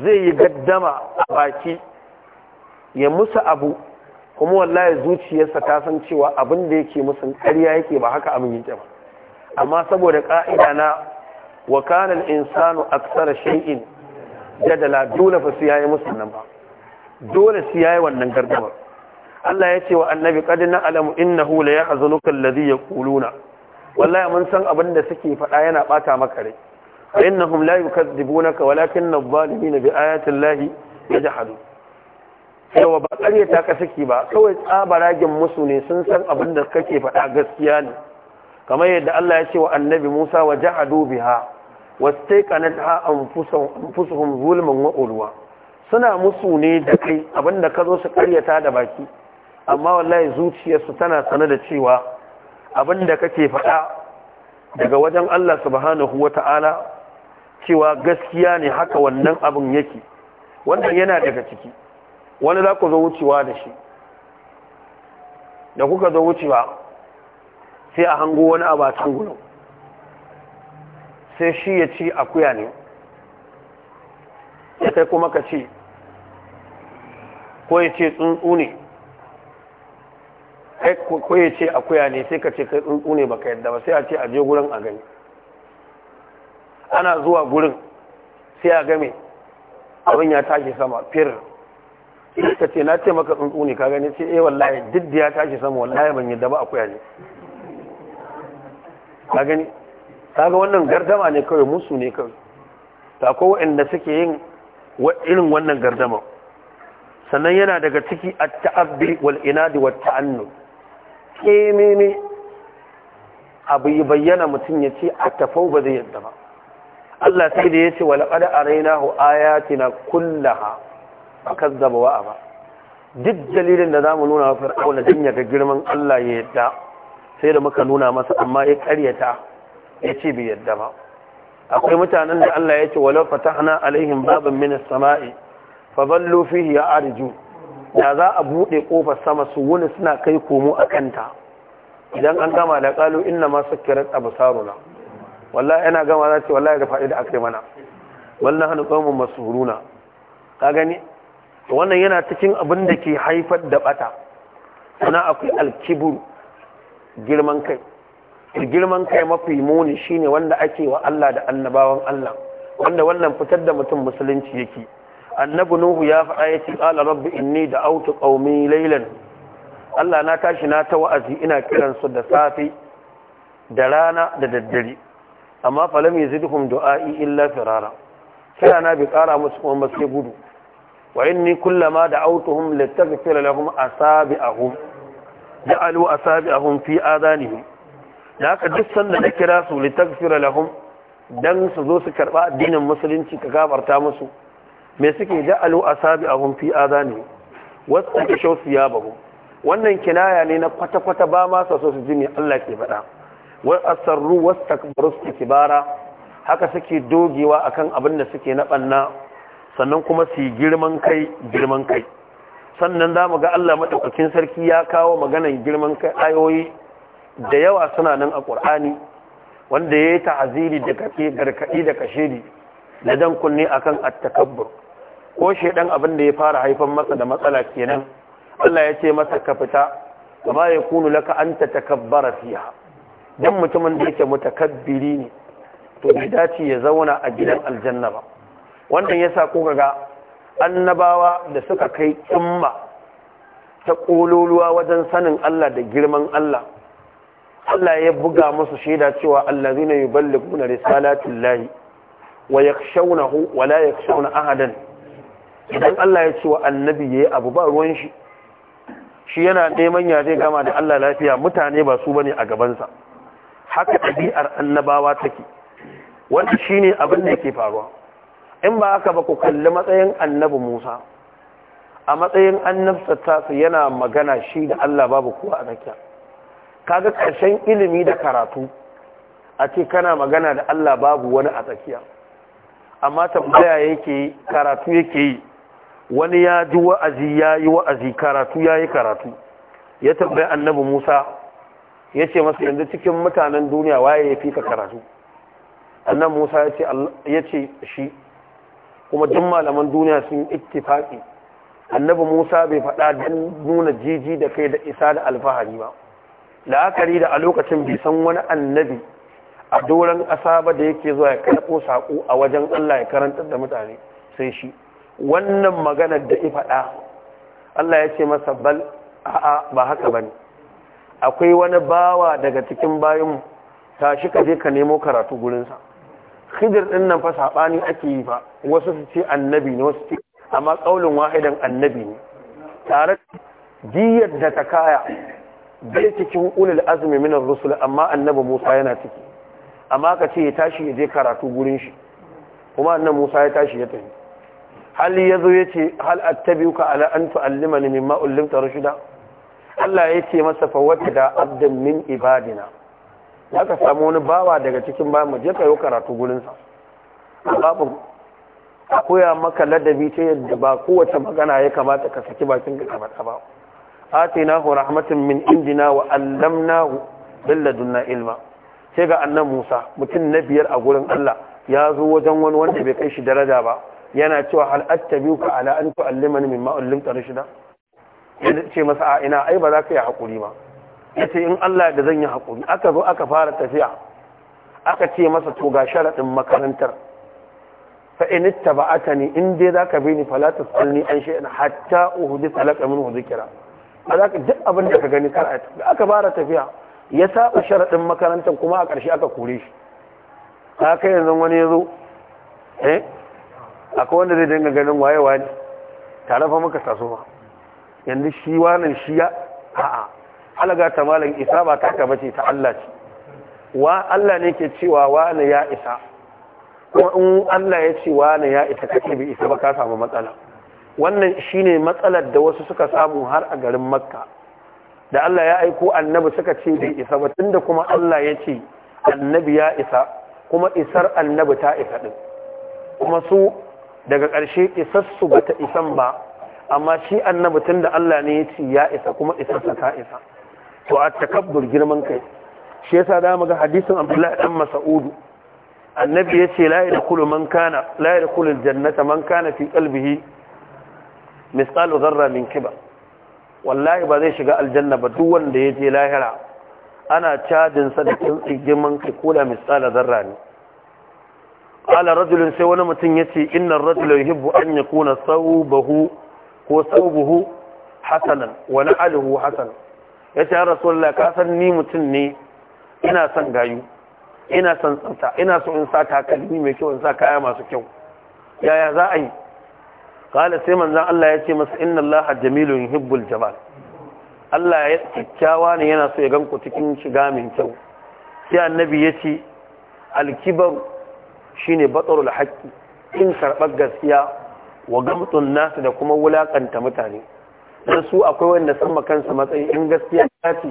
zai yi gaddama a baki ya musa abu kuma wallahi zuciyarsa ta san cewa abin da yake musu karya yake ba haka abin yake ba amma saboda ƙa'ida na wa kana al-insanu aktsara shay'in jadala dole fa su yayi musu nan ba dole su yayi wannan gargaba Allah ya ce wa annabi qad na'lamu innahu la yahzunuka alladhi yaquluna wallahi mun san abin da suke faɗa yana bata maka rai innahum la yukadzibunaka walakinna adh-dhalimina bi ayati llahi yajhadun yawa ba ƙaryata ka saki ba kawai tsabaragen musu ne sun san abin da kake faɗa gaskiya ne kamar yadda Allah ya ce wa annabi Musa wa ja'adu biha ha anfusuhum zulman wa ulwa suna musu ne da kai abinda ka zo su karyata da baki amma wallahi zuciyarsu tana sanar da cewa abinda kake faɗa daga wajen Allah subhanahu wata'ala cewa gaskiya ne haka wannan abin yake wannan yana daga ciki wani za ku zo wucewa da shi da kuka zo wucewa sai a hango wani abu a can sai shi ya ci akuya ne ya kai kuma ka ce ko ya ce tsuntsu ne ko ya ce akuya ne sai ka ce kai tsuntsu ne baka yadda ba sai a ce a je gurin a gani ana zuwa gurin sai a game abin ya tashi sama fir ka ce na ce maka tsuntsu ne ka gani ce eh wallahi duk da ya tashi sama wallahi ban yadda ba akuya ne ka gani kaga wannan gardama ne kawai musu ne kawai ta ko waɗanda suke yin irin wannan gardama sannan yana daga ciki at-ta'abbi wal inadi wat ta'annu mene abu yi bayyana mutum ya ce a tafau ba zai yadda ba Allah sai da ya ce walaƙada a rainahu ayatina kullaha a kazzaba wa'a ba duk dalilin da za mu nuna wa fir'auna jinya da ga girman Allah ya yadda sai da muka nuna masa amma ya karyata ya ce bai yadda ba akwai mutanen da Allah ya ce walau fatahna alaihim baban min as-sama'i fa ballu fihi ya'riju da za a bude kofar sama su wuni suna kai komo a kanta idan an gama da qalu inna ma sakkarat absaruna wallahi yana gama za ce wallahi da fa'ida akai mana wallahi hanu qawmun runa ka gani wannan yana cikin abin da ke haifar da bata sana akwai alkibur girman kai girman kai mafi muni shine wanda ake wa Allah da annabawan Allah wanda wannan fitar da mutum musulunci yake annabi nuhu ya faɗa ya ce al'a rabbi inni autu qaumi laylan Allah na tashi na ta wa'azi ina kiran su da safe, da rana da daddare amma falam yazidhum du'a'i illa firara kira na bi ƙara musu kuma sai gudu wa inni kullama a litaghfira lahum hun. ja'alu asabi'ahum fi adanihim da haka duk sanda na kira su litaghfira lahum dan su zo su karba addinin musulunci ka gabarta musu me suke ja'alu asabi'ahum fi adanihim shau su ya yabahum wannan kinaya ne na kwata kwata ba ma so su ji ne Allah ke faɗa wa asarru wastakbaru bara haka suke dogewa akan abin da suke na banna sannan kuma su yi girman kai girman kai sannan za mu ga Allah maɗaukakin sarki ya kawo maganan girman kai ayoyi da yawa suna nan a ƙur'ani wanda ya yi ta'aziri da kake garkaɗi da kashedi da dan kunne kan attakabbur ko shedan abin da ya fara haifan masa da matsala kenan Allah ya ce masa ka fita kama ya kunu laka an ta takabbara fiya dan mutumin da yake mutakabbiri ne to bai dace ya zauna a gidan aljanna ba wannan yasa ko ga annabawa da suka kai tsumma ta ƙololuwa wajen sanin Allah da girman Allah Allah ya buga musu shaida cewa Allah allazina yuballighuna layi wa ya hu wa la shauna ahadan idan Allah ya ce wa annabi yi abu ba ruwan shi shi yana neman ya zai gama da Allah lafiya mutane ba su ba ne a gabansa, haka ɗabi'ar annabawa take wanda shine abin da yake faruwa in ba haka ba ku kalli matsayin annabi Musa a matsayin annabta tasu yana magana shi da Allah babu kuwa a tsakiya kaga karshen ilimi da karatu a ce kana magana da Allah babu wani a tsakiya amma tambaya yake karatu yake yi wani ya ji wa'azi ya yi wa'azi karatu ya yi karatu ya tambaya annabi Musa ya ce masa yanzu cikin mutanen duniya waye ya fi ka karatu annabi Musa ya ce shi kuma duk malaman duniya sun yi ittifaki annabi Musa bai faɗa dan nuna jiji da kai da isa da alfahari ba la'akari da a lokacin bai san wani annabi a doron ƙasa ba da yake zuwa ya karɓo saƙo a wajen Allah ya karanta da mutane sai shi wannan maganar da ifaɗa Allah ya ce masa bal a'a ba haka ba ne akwai wani bawa daga cikin bayanmu. tashi ka je ka nemo karatu gurinsa khidir din nan fa sabani ake yi ba, wasu su ce annabi ne wasu ce amma kaulin wahidan annabi ne tare diyar da ta kaya bai cikin ulul azumi min ar-rusul amma annabi Musa yana ciki amma ka ce ya tashi ya je karatu gurin shi kuma annabi Musa ya tashi ya tafi hal yazo yace hal attabiuka ala an tu'allimani mimma ullimta rashida Allah yace masa fa da abdan min ibadina za ka samu wani bawa daga cikin ba mu je ka yi karatu gurinsa babu a koya maka ladabi ta yadda ba kowace magana ya kamata ka saki bakin ka kamata ba hu rahmatan min indina wa allamnahu billadunna ilma sai ga annan Musa mutum na biyar a gurin Allah ya zo wajen wani wanda bai kai shi daraja ba yana cewa hal attabiuka ala an tu'allimani mimma ullimta rashida ce masa a ina ai ba za ka yi hakuri ba ya ce in Allah da zan yi haƙuri aka zo aka fara tafiya aka ce masa to ga sharaɗin makarantar fa'initta ba aka ne in dai za ka bi ni falatus kulni an shi'in hatta uhudu talaka min hudu kira a za ka duk abin da ka gani kar a tafi aka fara tafiya ya saba sharaɗin makarantar kuma a ƙarshe aka kore shi ta kai yanzu wani ya zo eh akwai wanda zai dinga ganin waye waye tare fa muka taso ba yanzu shi wannan shi ya a'a alaga ta malam isa ba ta ka bace ta Allah ce wa Allah ne ke cewa wani ya isa kuma in Allah ya ce wani ya isa kake bi isa ba ka samu matsala wannan shine matsalar da wasu suka samu har a garin makka da Allah ya aiko annabi suka ce bai isa ba tunda kuma Allah ya ce annabi ya isa kuma isar annabi ta isa din kuma su daga ƙarshe su bata isan ba amma shi annabi tunda Allah ne ya ce ya isa kuma isarsa ta isa to a takabbur girman kai shi yasa da muga hadisin Abdullahi dan Mas'ud annabi ce la yadkhulu man kana la yadkhulu aljannata man kana fi qalbihi misqalu dharra min kiba wallahi ba zai shiga aljanna ba duk wanda ya je lahira ana cajin sa da girman kai ko da misqala dharra ne ala rajulun sai wani mutum yace inna ar-rajula yuhibbu an yakuna thawbuhu ko sawbuhu hasanan wa na'aluhu hasanan ya ce ya ka san ni mutum ne ina son gayu ina son tsanta ina so in sa takalmi mai kyau in sa kaya masu kyau yaya za a yi kala sai manzan Allah ya ce masa inna Allah jamilun hibbul jamal Allah ya kyakkyawa ne yana so ya gan ku cikin shiga mai kyau sai annabi ya ce alkibar shine batsarul haƙƙi in karɓar gaskiya wa gamtun nasu da kuma wulaƙanta mutane don su akwai wanda san makansa matsayi in gaskiya ce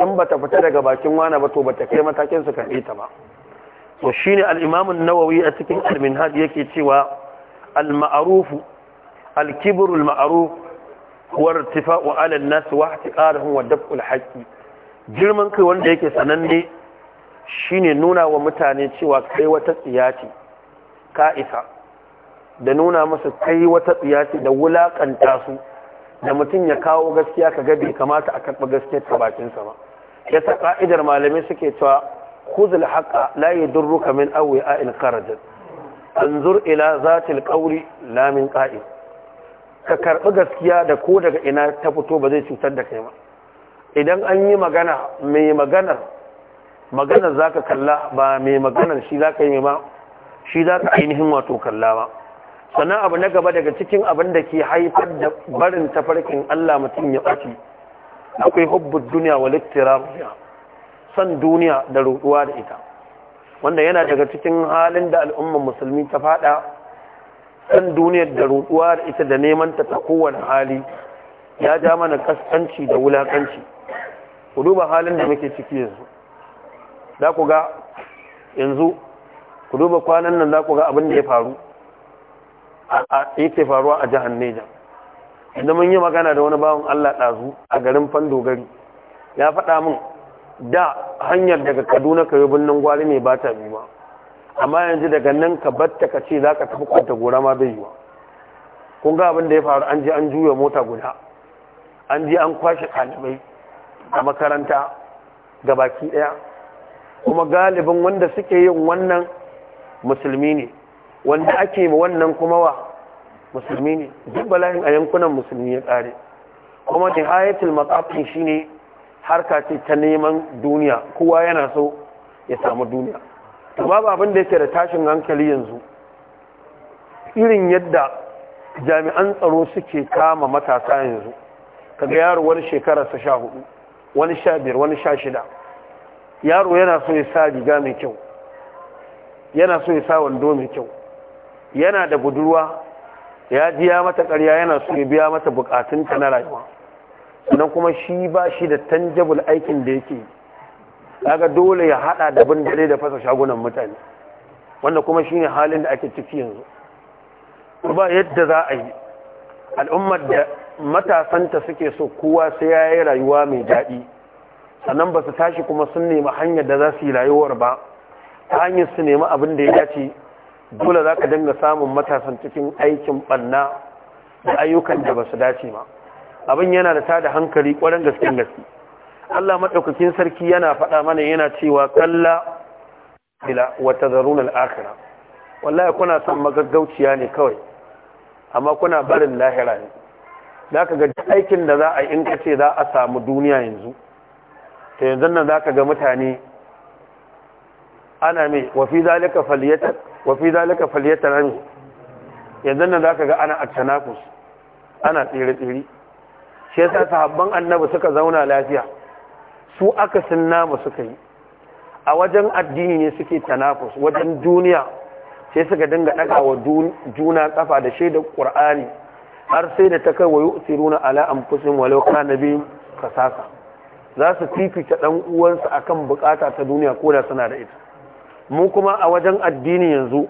in bata fita daga bakin wana ba to bata kai matakin su karbe ta ba to shine ne al'imamun nawawi a cikin almin hadi yake cewa al-ma'ruf al-kibr al-ma'ruf huwa irtifa'u wa an wa ihtiqaruhum wa girman kai wanda yake sananne shi ne nuna wa mutane cewa kai wata tsiya ce ka isa da nuna masa kai wata tsiya ce da wulaƙanta su da mutum ya kawo gaskiya ka ga kamata a karɓi gaskiyar ta bakinsa ba yasa ƙa'idar malamai suke cewa khudhul layi la yadurruka min awwi'il kharajat anzur ila zatil qawli la min qa'id ka karɓi gaskiya da ko daga ina ta fito ba zai cutar da kai ba idan an yi magana mai maganar maganar zaka kalla ba mai maganar shi zaka yi ma shi zaka ainihin wato kalla ba sannan abu na gaba daga cikin abin da ke haifar da barin tafarkin Allah mutum ya ɓaci akwai hubbun duniya wa littirafiya son duniya da ruwa da ita wanda yana daga cikin halin da al'ummar musulmi ta fada son duniyar da ruɗuwa da ita da neman ta ta kowane hali ya ja mana kaskanci da wulakanci ku duba halin da muke ciki yanzu ku yanzu ku duba kwanan nan za ku ga abin da ya faru yake faruwa a jihar Neja idan mun yi magana da wani bawan Allah ɗazu a garin Fandogari ya faɗa min da hanyar daga Kaduna ka yi birnin gwari ne ba ta biyuwa amma yanzu daga nan ka batta ka ce za ka tafi kwanta gora ma bai yiwa kun ga abin da ya faru an je an juya mota guda an je an kwashe ɗalibai a makaranta ga baki ɗaya kuma galibin wanda suke yin wannan musulmi ne wanda ake ma wannan kuma wa musulmi ne duk bala'in a yankunan musulmi ya tsare kuma nihayatul shi shine harka ce ta neman duniya kowa yana so ya samu duniya to babu abin da yake da tashin hankali yanzu irin yadda jami'an tsaro suke kama matasa yanzu kaga yaro wani shekara sa sha hudu wani sha biyar wani sha shida yaro yana so ya sa riga mai kyau yana so ya sa wando mai kyau yana da budurwa ya jiya mata ƙarya yana so ya biya mata bukatunta na rayuwa sannan kuma shi ba shi da tanjabul aikin da yake kaga dole ya haɗa da bin dare da fasa shagunan mutane wanda kuma shine halin da ake ciki yanzu ba yadda za a yi al'ummar da matasanta suke so kowa sai ya yi rayuwa mai daɗi sannan ba su tashi kuma sun nemi hanyar da za su yi rayuwar ba ta hanyar su nemi abin da ya dace dole za ka dinga samun matasan cikin aikin ɓanna da ayyukan da ba su dace ba abin yana da tada hankali ƙwarar gaskin gaske Allah maɗaukakin sarki yana faɗa mana yana cewa kalla bila wata zarun al'akira wallahi kuna son magaggauciya ne kawai amma kuna barin lahira ne za ka ga aikin da za a in ka ce za a samu duniya yanzu ta yanzu nan za ka ga mutane ana mai wafi zalika faliyatar wafi zalika faliyatar ami yanzu nan zaka ga ana attanakus ana tsere-tsere shi yasa sahabban annabi suka zauna lafiya su aka sun namu suka yi a wajen addini ne suke tanakus wajen duniya sai suka dinga daga wa juna kafa da shaida qur'ani har sai da ta kai wa yusiruna ala anfusihim walau kana bihim kasaka za su fifita dan uwansu akan bukata ta duniya ko da suna da ita mu kuma a wajen addini yanzu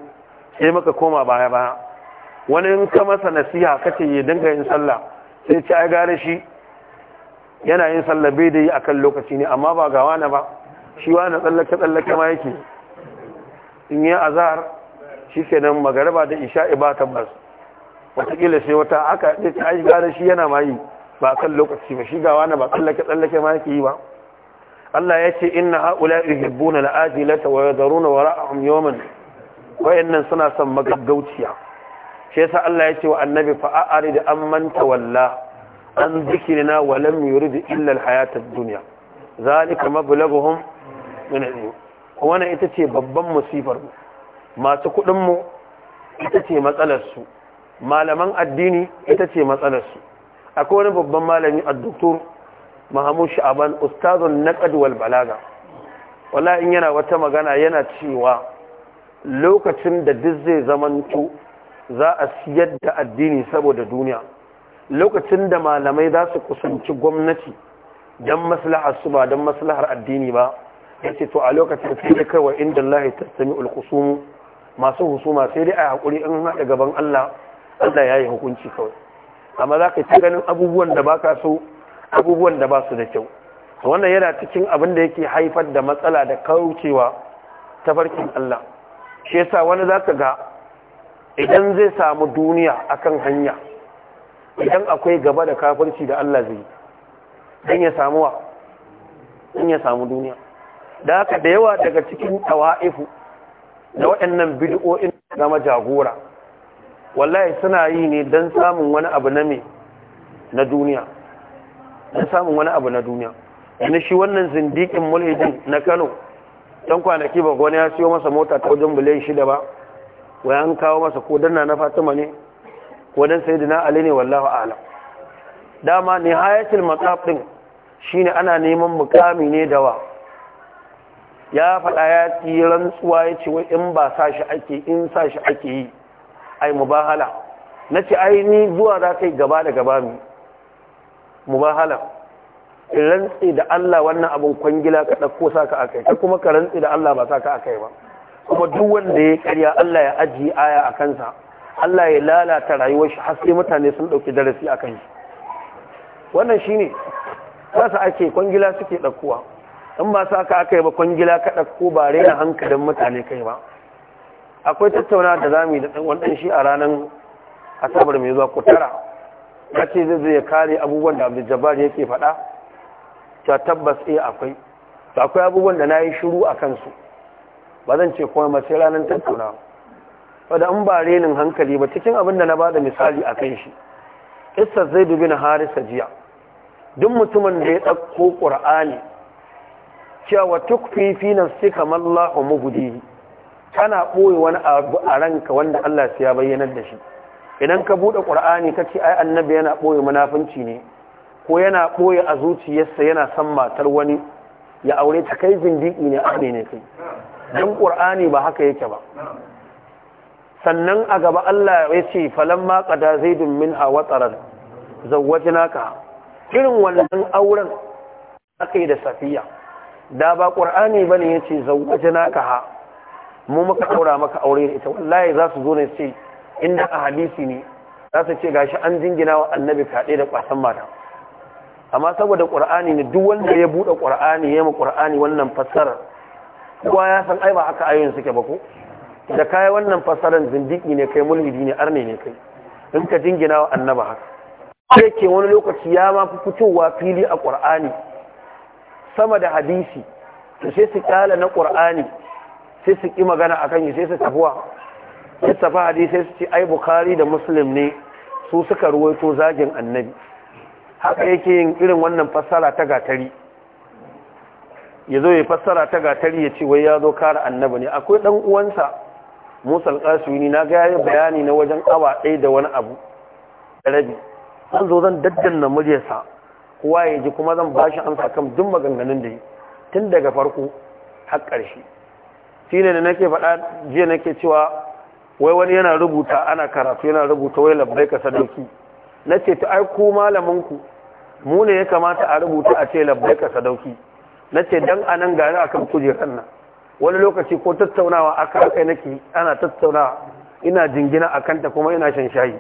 sai maka koma baya baya wani in ka masa nasiha kace ya dinga yin sallah sai ci ai gare shi yana yin sallah bai da yi akan lokaci ne amma ba ga wani ba shi wani tsallake tsallake ma yake in yi azhar shi kenan magaraba da isha ba tabbas watakila sai wata aka ce ta ai gare shi yana ma yi ba akan lokaci ba shi ga wani ba tsallake tsallake ma yake yi ba Allah ya ce inna haula yuhibbuna al'ajilata wa yadharuna wara'ahum yawman wayannan suna son magaggauciya shi yasa Allah ya ce wa annabi fa an manta walla an zikrina wa lam yurid illa al-hayata ad-dunya zalika mablaghuhum min al wannan ita ce babban musibar masu kuɗin mu ita ce matsalar malaman addini ita ce matsalar su akwai wani babban malami a doktor mahamud sha'aban ustazun naqd wal balaga wallahi in yana wata magana yana cewa lokacin da duk zai zamanto za a siyar da addini saboda duniya lokacin da malamai za su kusanci gwamnati don maslaha su ba dan maslahar addini ba yace to a lokacin sai da kawai inda Allah ya al qusum masu husuma sai dai a hakuri in hada gaban Allah Allah ya hukunci kawai amma za ka ta ganin abubuwan da baka so abubuwan da ba su da kyau wannan yana cikin abin da yake haifar da matsala da kaucewa ta farkin Allah shi yasa wani zaka ga idan zai samu duniya akan hanya idan akwai gaba da kafirci da Allah zai dan ya samu wa dan ya samu duniya da haka da yawa daga cikin tawa'ifu da waɗannan bid'o'in zama jagora wallahi suna yi ne dan samun wani abu na me na duniya na samun wani abu na duniya yana shi wannan zindikin mulhijin na kano don kwanaki ba gwani ya siyo masa mota ta wajen biliyan shida ba wai an kawo masa ko danna na fatima ne ko sai dina ali ne wallahu ala. dama nihayatul matsaf shi ne ana neman mukami ne da wa ya faɗa ya tsiran tsuwa ya ce wai in ba sa shi ake in sa shi ake yi ai mubahala na ce ai zuwa za ka yi gaba da gaba mu mubahala in rantsi da Allah wannan abin kwangila ka ɗauko sa ka akai ka kuma ka rantsi da Allah ba sa ka kai ba kuma duk wanda ya karya Allah ya ajiye aya a kansa Allah ya lalata rayuwar shi har mutane sun ɗauki darasi a kan shi wannan za su ake kwangila suke ɗaukowa in ba sa ka yi ba kwangila ka ɗauko ba raina hankalin mutane kai ba akwai tattauna da zamu yi da ɗan wannan shi a ranar asabar mai zuwa ko tara ya ce zai zai kare abubuwan da abdul jabbar yake faɗa ta tabbas iya eh, akwai to akwai abubuwan da na yi shiru a kansu ba zan ce kuma sai ranar tattauna da an ba renin hankali ba cikin abin da na bada misali a kan shi isar zai dubi harisa jiya duk mutumin da ya ɗauko ƙur'ani cewa tuk fifi na su kamar lahu mugudi kana ɓoye wani abu a ranka wanda allah ya bayyanar da shi idan ka buɗe ƙur'ani ka ce ai annabi yana ɓoye munafunci ne ko yana ɓoye a zuciyarsa yana san matar wani ya aure ta kai zindiki ne arne ne kai don ƙur'ani ba haka yake ba sannan a gaba Allah ya ce falamma qada zaidun minha wataran zawwajnaka irin wannan auren akai da safiya da ba qur'ani bane yace zawwajnaka ha mu muka daura maka aure da ita wallahi za su zo ne ce inda a hadisi ne za su ce gashi an jingina wa annabi fyaɗe da ƙwasan mata amma saboda ƙur'ani ne duk wanda ya buɗe ƙur'ani ya mu ƙur'ani wannan fassarar kowa ya san ai ba haka ayoyin suke ba ko da kai wannan fassarar zindiki ne kai mulhidi ne arne ne kai in ka jingina wa annaba haka sai ke wani lokaci ya ma fi fitowa fili a ƙur'ani sama da hadisi to sai su ƙyala na ƙur'ani sai su ƙi magana akan yi sai su tafuwa ya hadisai su ce ai bukari da muslim ne su suka ruwaito zagin annabi haka yake yin irin wannan fassara ta gatari ya zo ya fassara ta gatari ya ce wai ya zo kara annabi ne akwai ɗan uwansa musa alƙasuni na ga bayani na wajen awa ɗaya da wani abu rabi an zo zan daddanna muryarsa kowa ya ji kuma zan ba shi amsa kam duk maganganun da yi tun daga farko har ƙarshe shine da nake faɗa jiya nake cewa wai wani yana rubuta ana karatu yana rubuta wai labbai ka sadauki na ce ta aiko malaminku mu ne ya kamata a rubuta a ce labbai ka sadauki na ce dan a nan gari a kan kujerar nan wani lokaci ko tattaunawa aka kai nake ana tattaunawa ina jingina a kanta kuma ina shan shayi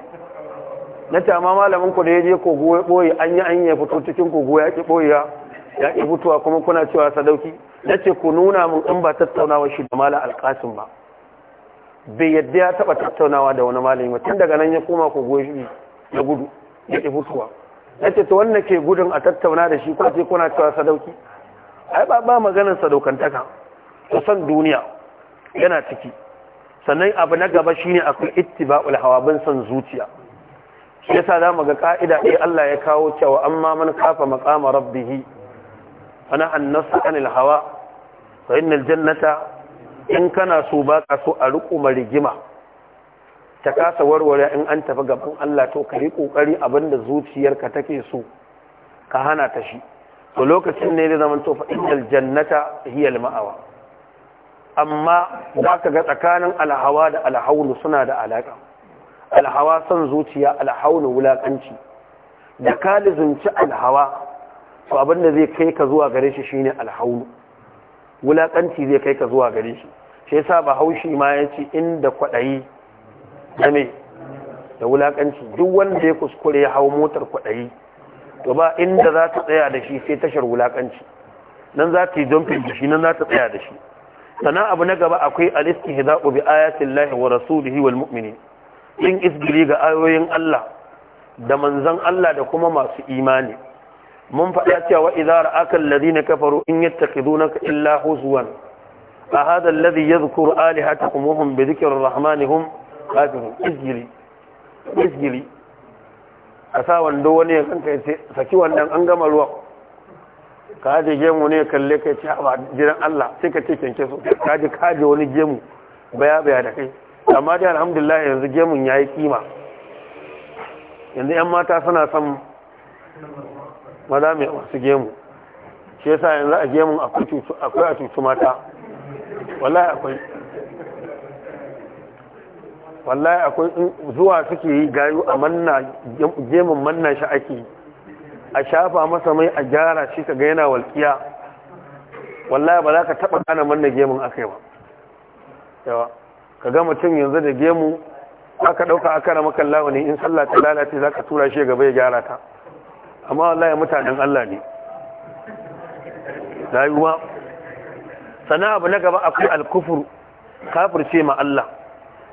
na ce amma malaminku da ya je kogo ya ɓoye an yi an fito cikin kogo ya ki ɓoye ya ki fitowa kuma kuna cewa sadauki na ce ku nuna mun in ba tattaunawa shi da mala alkasin ba bai yadda ya taba tattaunawa da wani malami ba tun daga nan ya koma ku goshi ya gudu ya ke fitowa ya ce ta wanda ke gudun a tattauna da shi ko ce kuna cewa sadauki ai ba ba maganin sadaukantaka to duniya yana ciki sannan abu na gaba shine akwai ittiba'ul hawa bin san zuciya shi yasa za mu ga ka'ida ɗaya Allah ya kawo cewa amma man kafa maqama rabbih ana annasu anil hawa fa innal jannata in kana so ba ka so a riƙo rigima ta kasa warware in an tafi gaban Allah to ka yi ƙoƙari abinda da zuciyarka take so ka hana ta shi to lokacin ne da zaman to fa innal jannata hiya al ma'awa amma za ka ga tsakanin alhawa da alhaulu suna da alaƙa alhawa son zuciya alhaunu wulaƙanci da ka lizinci alhawa to abin da zai kai ka zuwa gare shi shine alhaunu. wulakanci zai kai ka zuwa gare shi shi yasa ba haushi ma ya ce inda kwaɗayi ya me da wulakanci duk wanda ya kuskure ya hau motar kwaɗayi to ba inda za ta tsaya da shi sai tashar wulakanci nan za ta yi jumpin da shi nan za ta tsaya da shi sannan abu na gaba akwai aliski hidaku bi ayatin lahi wa rasulihi wal mumini in isgiri ga ayoyin Allah da manzan Allah da kuma masu imani mun faɗa cewa idza ra'aka alladhina kafaru in yattakhidunaka illa huzwan a hadha alladhi yadhkuru alihatakum wa hum bi dhikri arrahmani hum kafirun izgili izgili a sa wando wani ya kanka yace saki wannan an gama ruwa ka je gemu ne kalle kai ce a jiran Allah sai ka ce kyanke so ka ji ka wani gemu baya baya da kai amma dai alhamdulillah yanzu gemun yayi kima yanzu yan mata suna son maza mai wasu gemu shi yasa yanzu a gemun akwai a cutu mata wallahi akwai wallahi akwai zuwa suke yi gayu a manna gemun manna shi ake a shafa masa mai a gyara shi ka gaina walƙiya wallahi ba za ka taɓa gane manna gemun akai ba yawa ka ga mutum yanzu da gemu aka ɗauka aka rama kallawa ne in sallah ta lalace za ka tura shi gaba ya gyara ta amma wallahi mutanen Allah ne rayuwa sana abu na gaba akwai alkufur kafirce ma Allah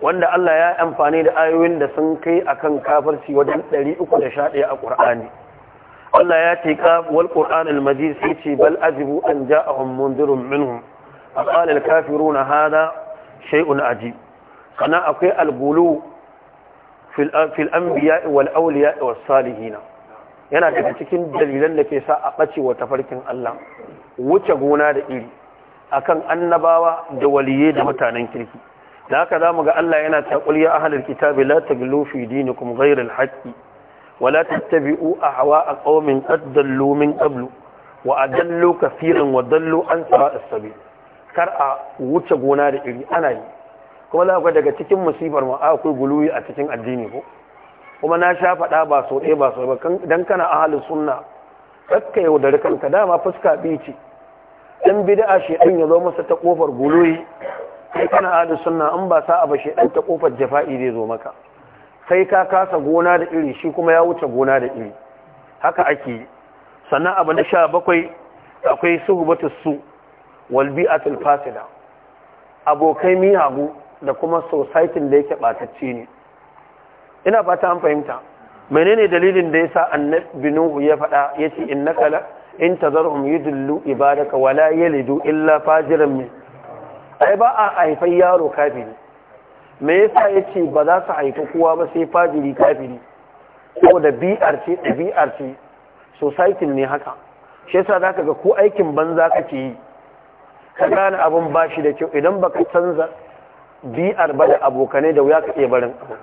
wanda Allah ya amfani da ayoyin da sun kai akan kafirci wajen 311 a Qur'ani Allah ya ce wal Qur'an al-Majid sai ce bal ajibu an ja'ahum mundirun minhum aqala al-kafiruna hada shay'un ajib sana akwai al-gulu fil anbiya wal awliya was yana daga cikin dalilan da ke sa a ɓace wa tafarkin Allah wuce gona da iri akan annabawa da waliye da mutanen kirki da haka za mu ga Allah yana ta ya ahalar kitabi la taglu fi dinikum ghayra al-haqqi wa la tattabi'u ahwa'a qaumin qad dallu min qablu wa adallu wa dallu an sawa'a sabil kar a wuce gona da iri ana yi kuma za ku daga cikin musibar ma akwai guluwi a cikin addini ko kuma na sha faɗa ba so ɗaya ba so ba don kana halin sunna tsakka yau da rikanka dama fuska biyu ce dan bid'a shedan ya zo masa ta ƙofar guloyi kai kana halin suna, an ba sa ba shedan ta kofar jafa'i zai zo maka sai ka kasa gona da iri shi kuma ya wuce gona da iri haka ake yi sannan abu na sha bakwai akwai suhubatus su wal bi'atul fasida abokai miyagu da kuma society da yake ɓatacce ne ina fata an fahimta menene dalilin da yasa annabi nuhu ya faɗa yace innaka la in tazarhum yudillu ibadaka wala yalidu illa fajiran min ai ba a haifai yaro kafiri me yasa yace ba za su haifi kowa ba sai fajiri kafiri saboda bi'ar ce ɗabi'ar ce society ne haka shi yasa zaka ga ko aikin banza kake yi ka gane abin bashi da kyau idan baka canza bi'ar ba da abokanai da wuya ka iya barin abu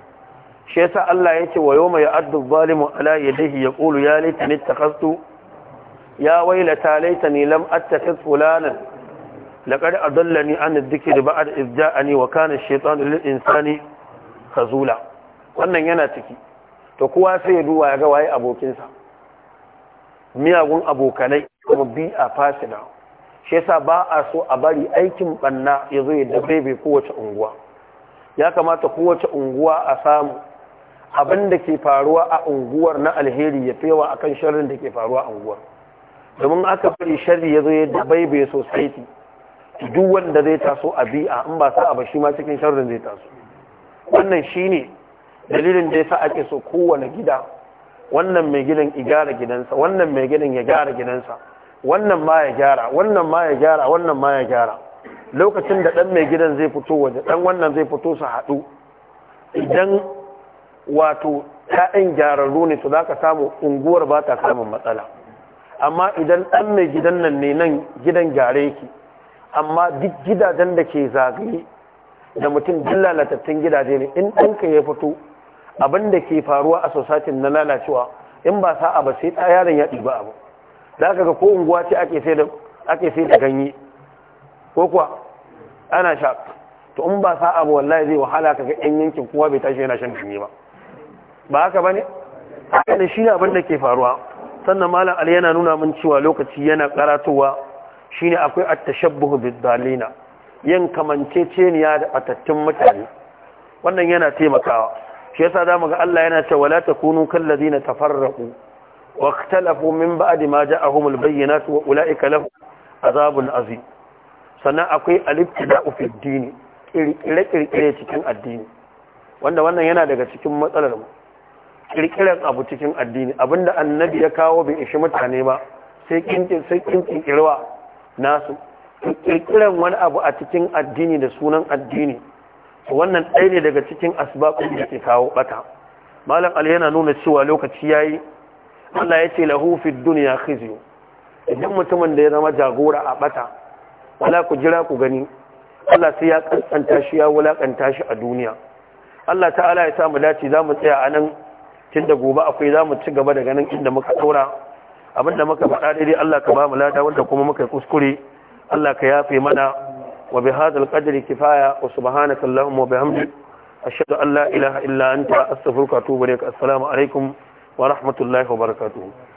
shi yasa Allah ya ce wa yawma ya'addu zalimu ala yadihi yaqulu ya laitani ittakhadtu ya waylata laitani lam attakhidh fulana laqad adallani an adh-dhikri ba'da izja'ani wa kana ash-shaytanu lil insani khazula wannan yana ciki to kowa sai ya duba ya ga waye abokinsa miyagun abokanai kuma bi a fasina shi yasa ba a so a bari aikin banna ya zo ya dabe bai kowace unguwa ya kamata kowace unguwa a samu abin da ke faruwa a unguwar na alheri ya fewa kan sharrin da ke faruwa a unguwar domin aka fari sharri ya zo ya dabaibaye society duk wanda zai taso a bi'a in ba sa abu shi ma cikin sharrin zai taso wannan shi ne dalilin da ya sa ake so kowane gida wannan mai gidan ya gyara gidansa wannan mai gidan ya gyara gidansa wannan ma ya gyara wannan ma ya gyara wannan ma ya gyara lokacin da dan mai gidan zai fito waje dan wannan zai fito su haɗu idan wato ta'yan gyararru ne to za ka samu unguwar ba ta samun matsala amma idan ɗan mai gidan nan ne nan gidan gyare yake amma duk gidajen da ke zagaye da mutum duk lalatattun gidaje ne in ɗanka ya fito abin da ke faruwa a sosatin na lalacewa in ba sa'a ba sai yaron ya ɗiba abu za ka ga ko unguwa ce ake sai da ganye ko kuwa ana sha to in ba sa ba wallahi zai wahala ka ga yan yankin kowa bai tashi yana shan shuni ba ba haka bane haka ne shine abin da ke faruwa sannan malam ali yana nuna min cewa lokaci yana karatowa ne akwai at-tashabbuh da dalina yin kamanceceniya da atattun mutane wannan yana taimakawa shi yasa mu ga Allah yana cewa la kunu kal ladina tafarraqu wa ikhtalafu min ba'di ma ja'ahumul bayyinatu wa ulaika lahum azabun azim sannan akwai al-ibtida'u fid-din kirkire-kirkire cikin addini wanda wannan yana daga cikin matsalar mu kirkiran abu cikin addini abinda annabi ya kawo bai ishi mutane ba sai kinkin sai kinkin kirwa nasu kirkiran wani abu a cikin addini da sunan addini wannan ɗaya ne daga cikin asbabun da ke kawo bata malam ali yana nuna cewa lokaci yayi Allah ya ce lahu fi dunya khizyu idan mutumin da ya zama jagora a bata wala ku jira ku gani Allah sai ya kantsanta shi ya wulakanta shi a duniya Allah ta'ala ya sa mu dace za mu tsaya a nan tun da gobe akwai zamu mu ci gaba da ganin inda muka tsora abinda muka faɗa daidai Allah ka ba mu lada wanda kuma muka yi kuskure Allah ka yafe mana wa bi hadal qadri kifaya wa subhanaka allahumma wa bihamdik ashhadu an la ilaha illa anta astaghfiruka wa atubu ilaik assalamu alaikum wa rahmatullahi wa barakatuh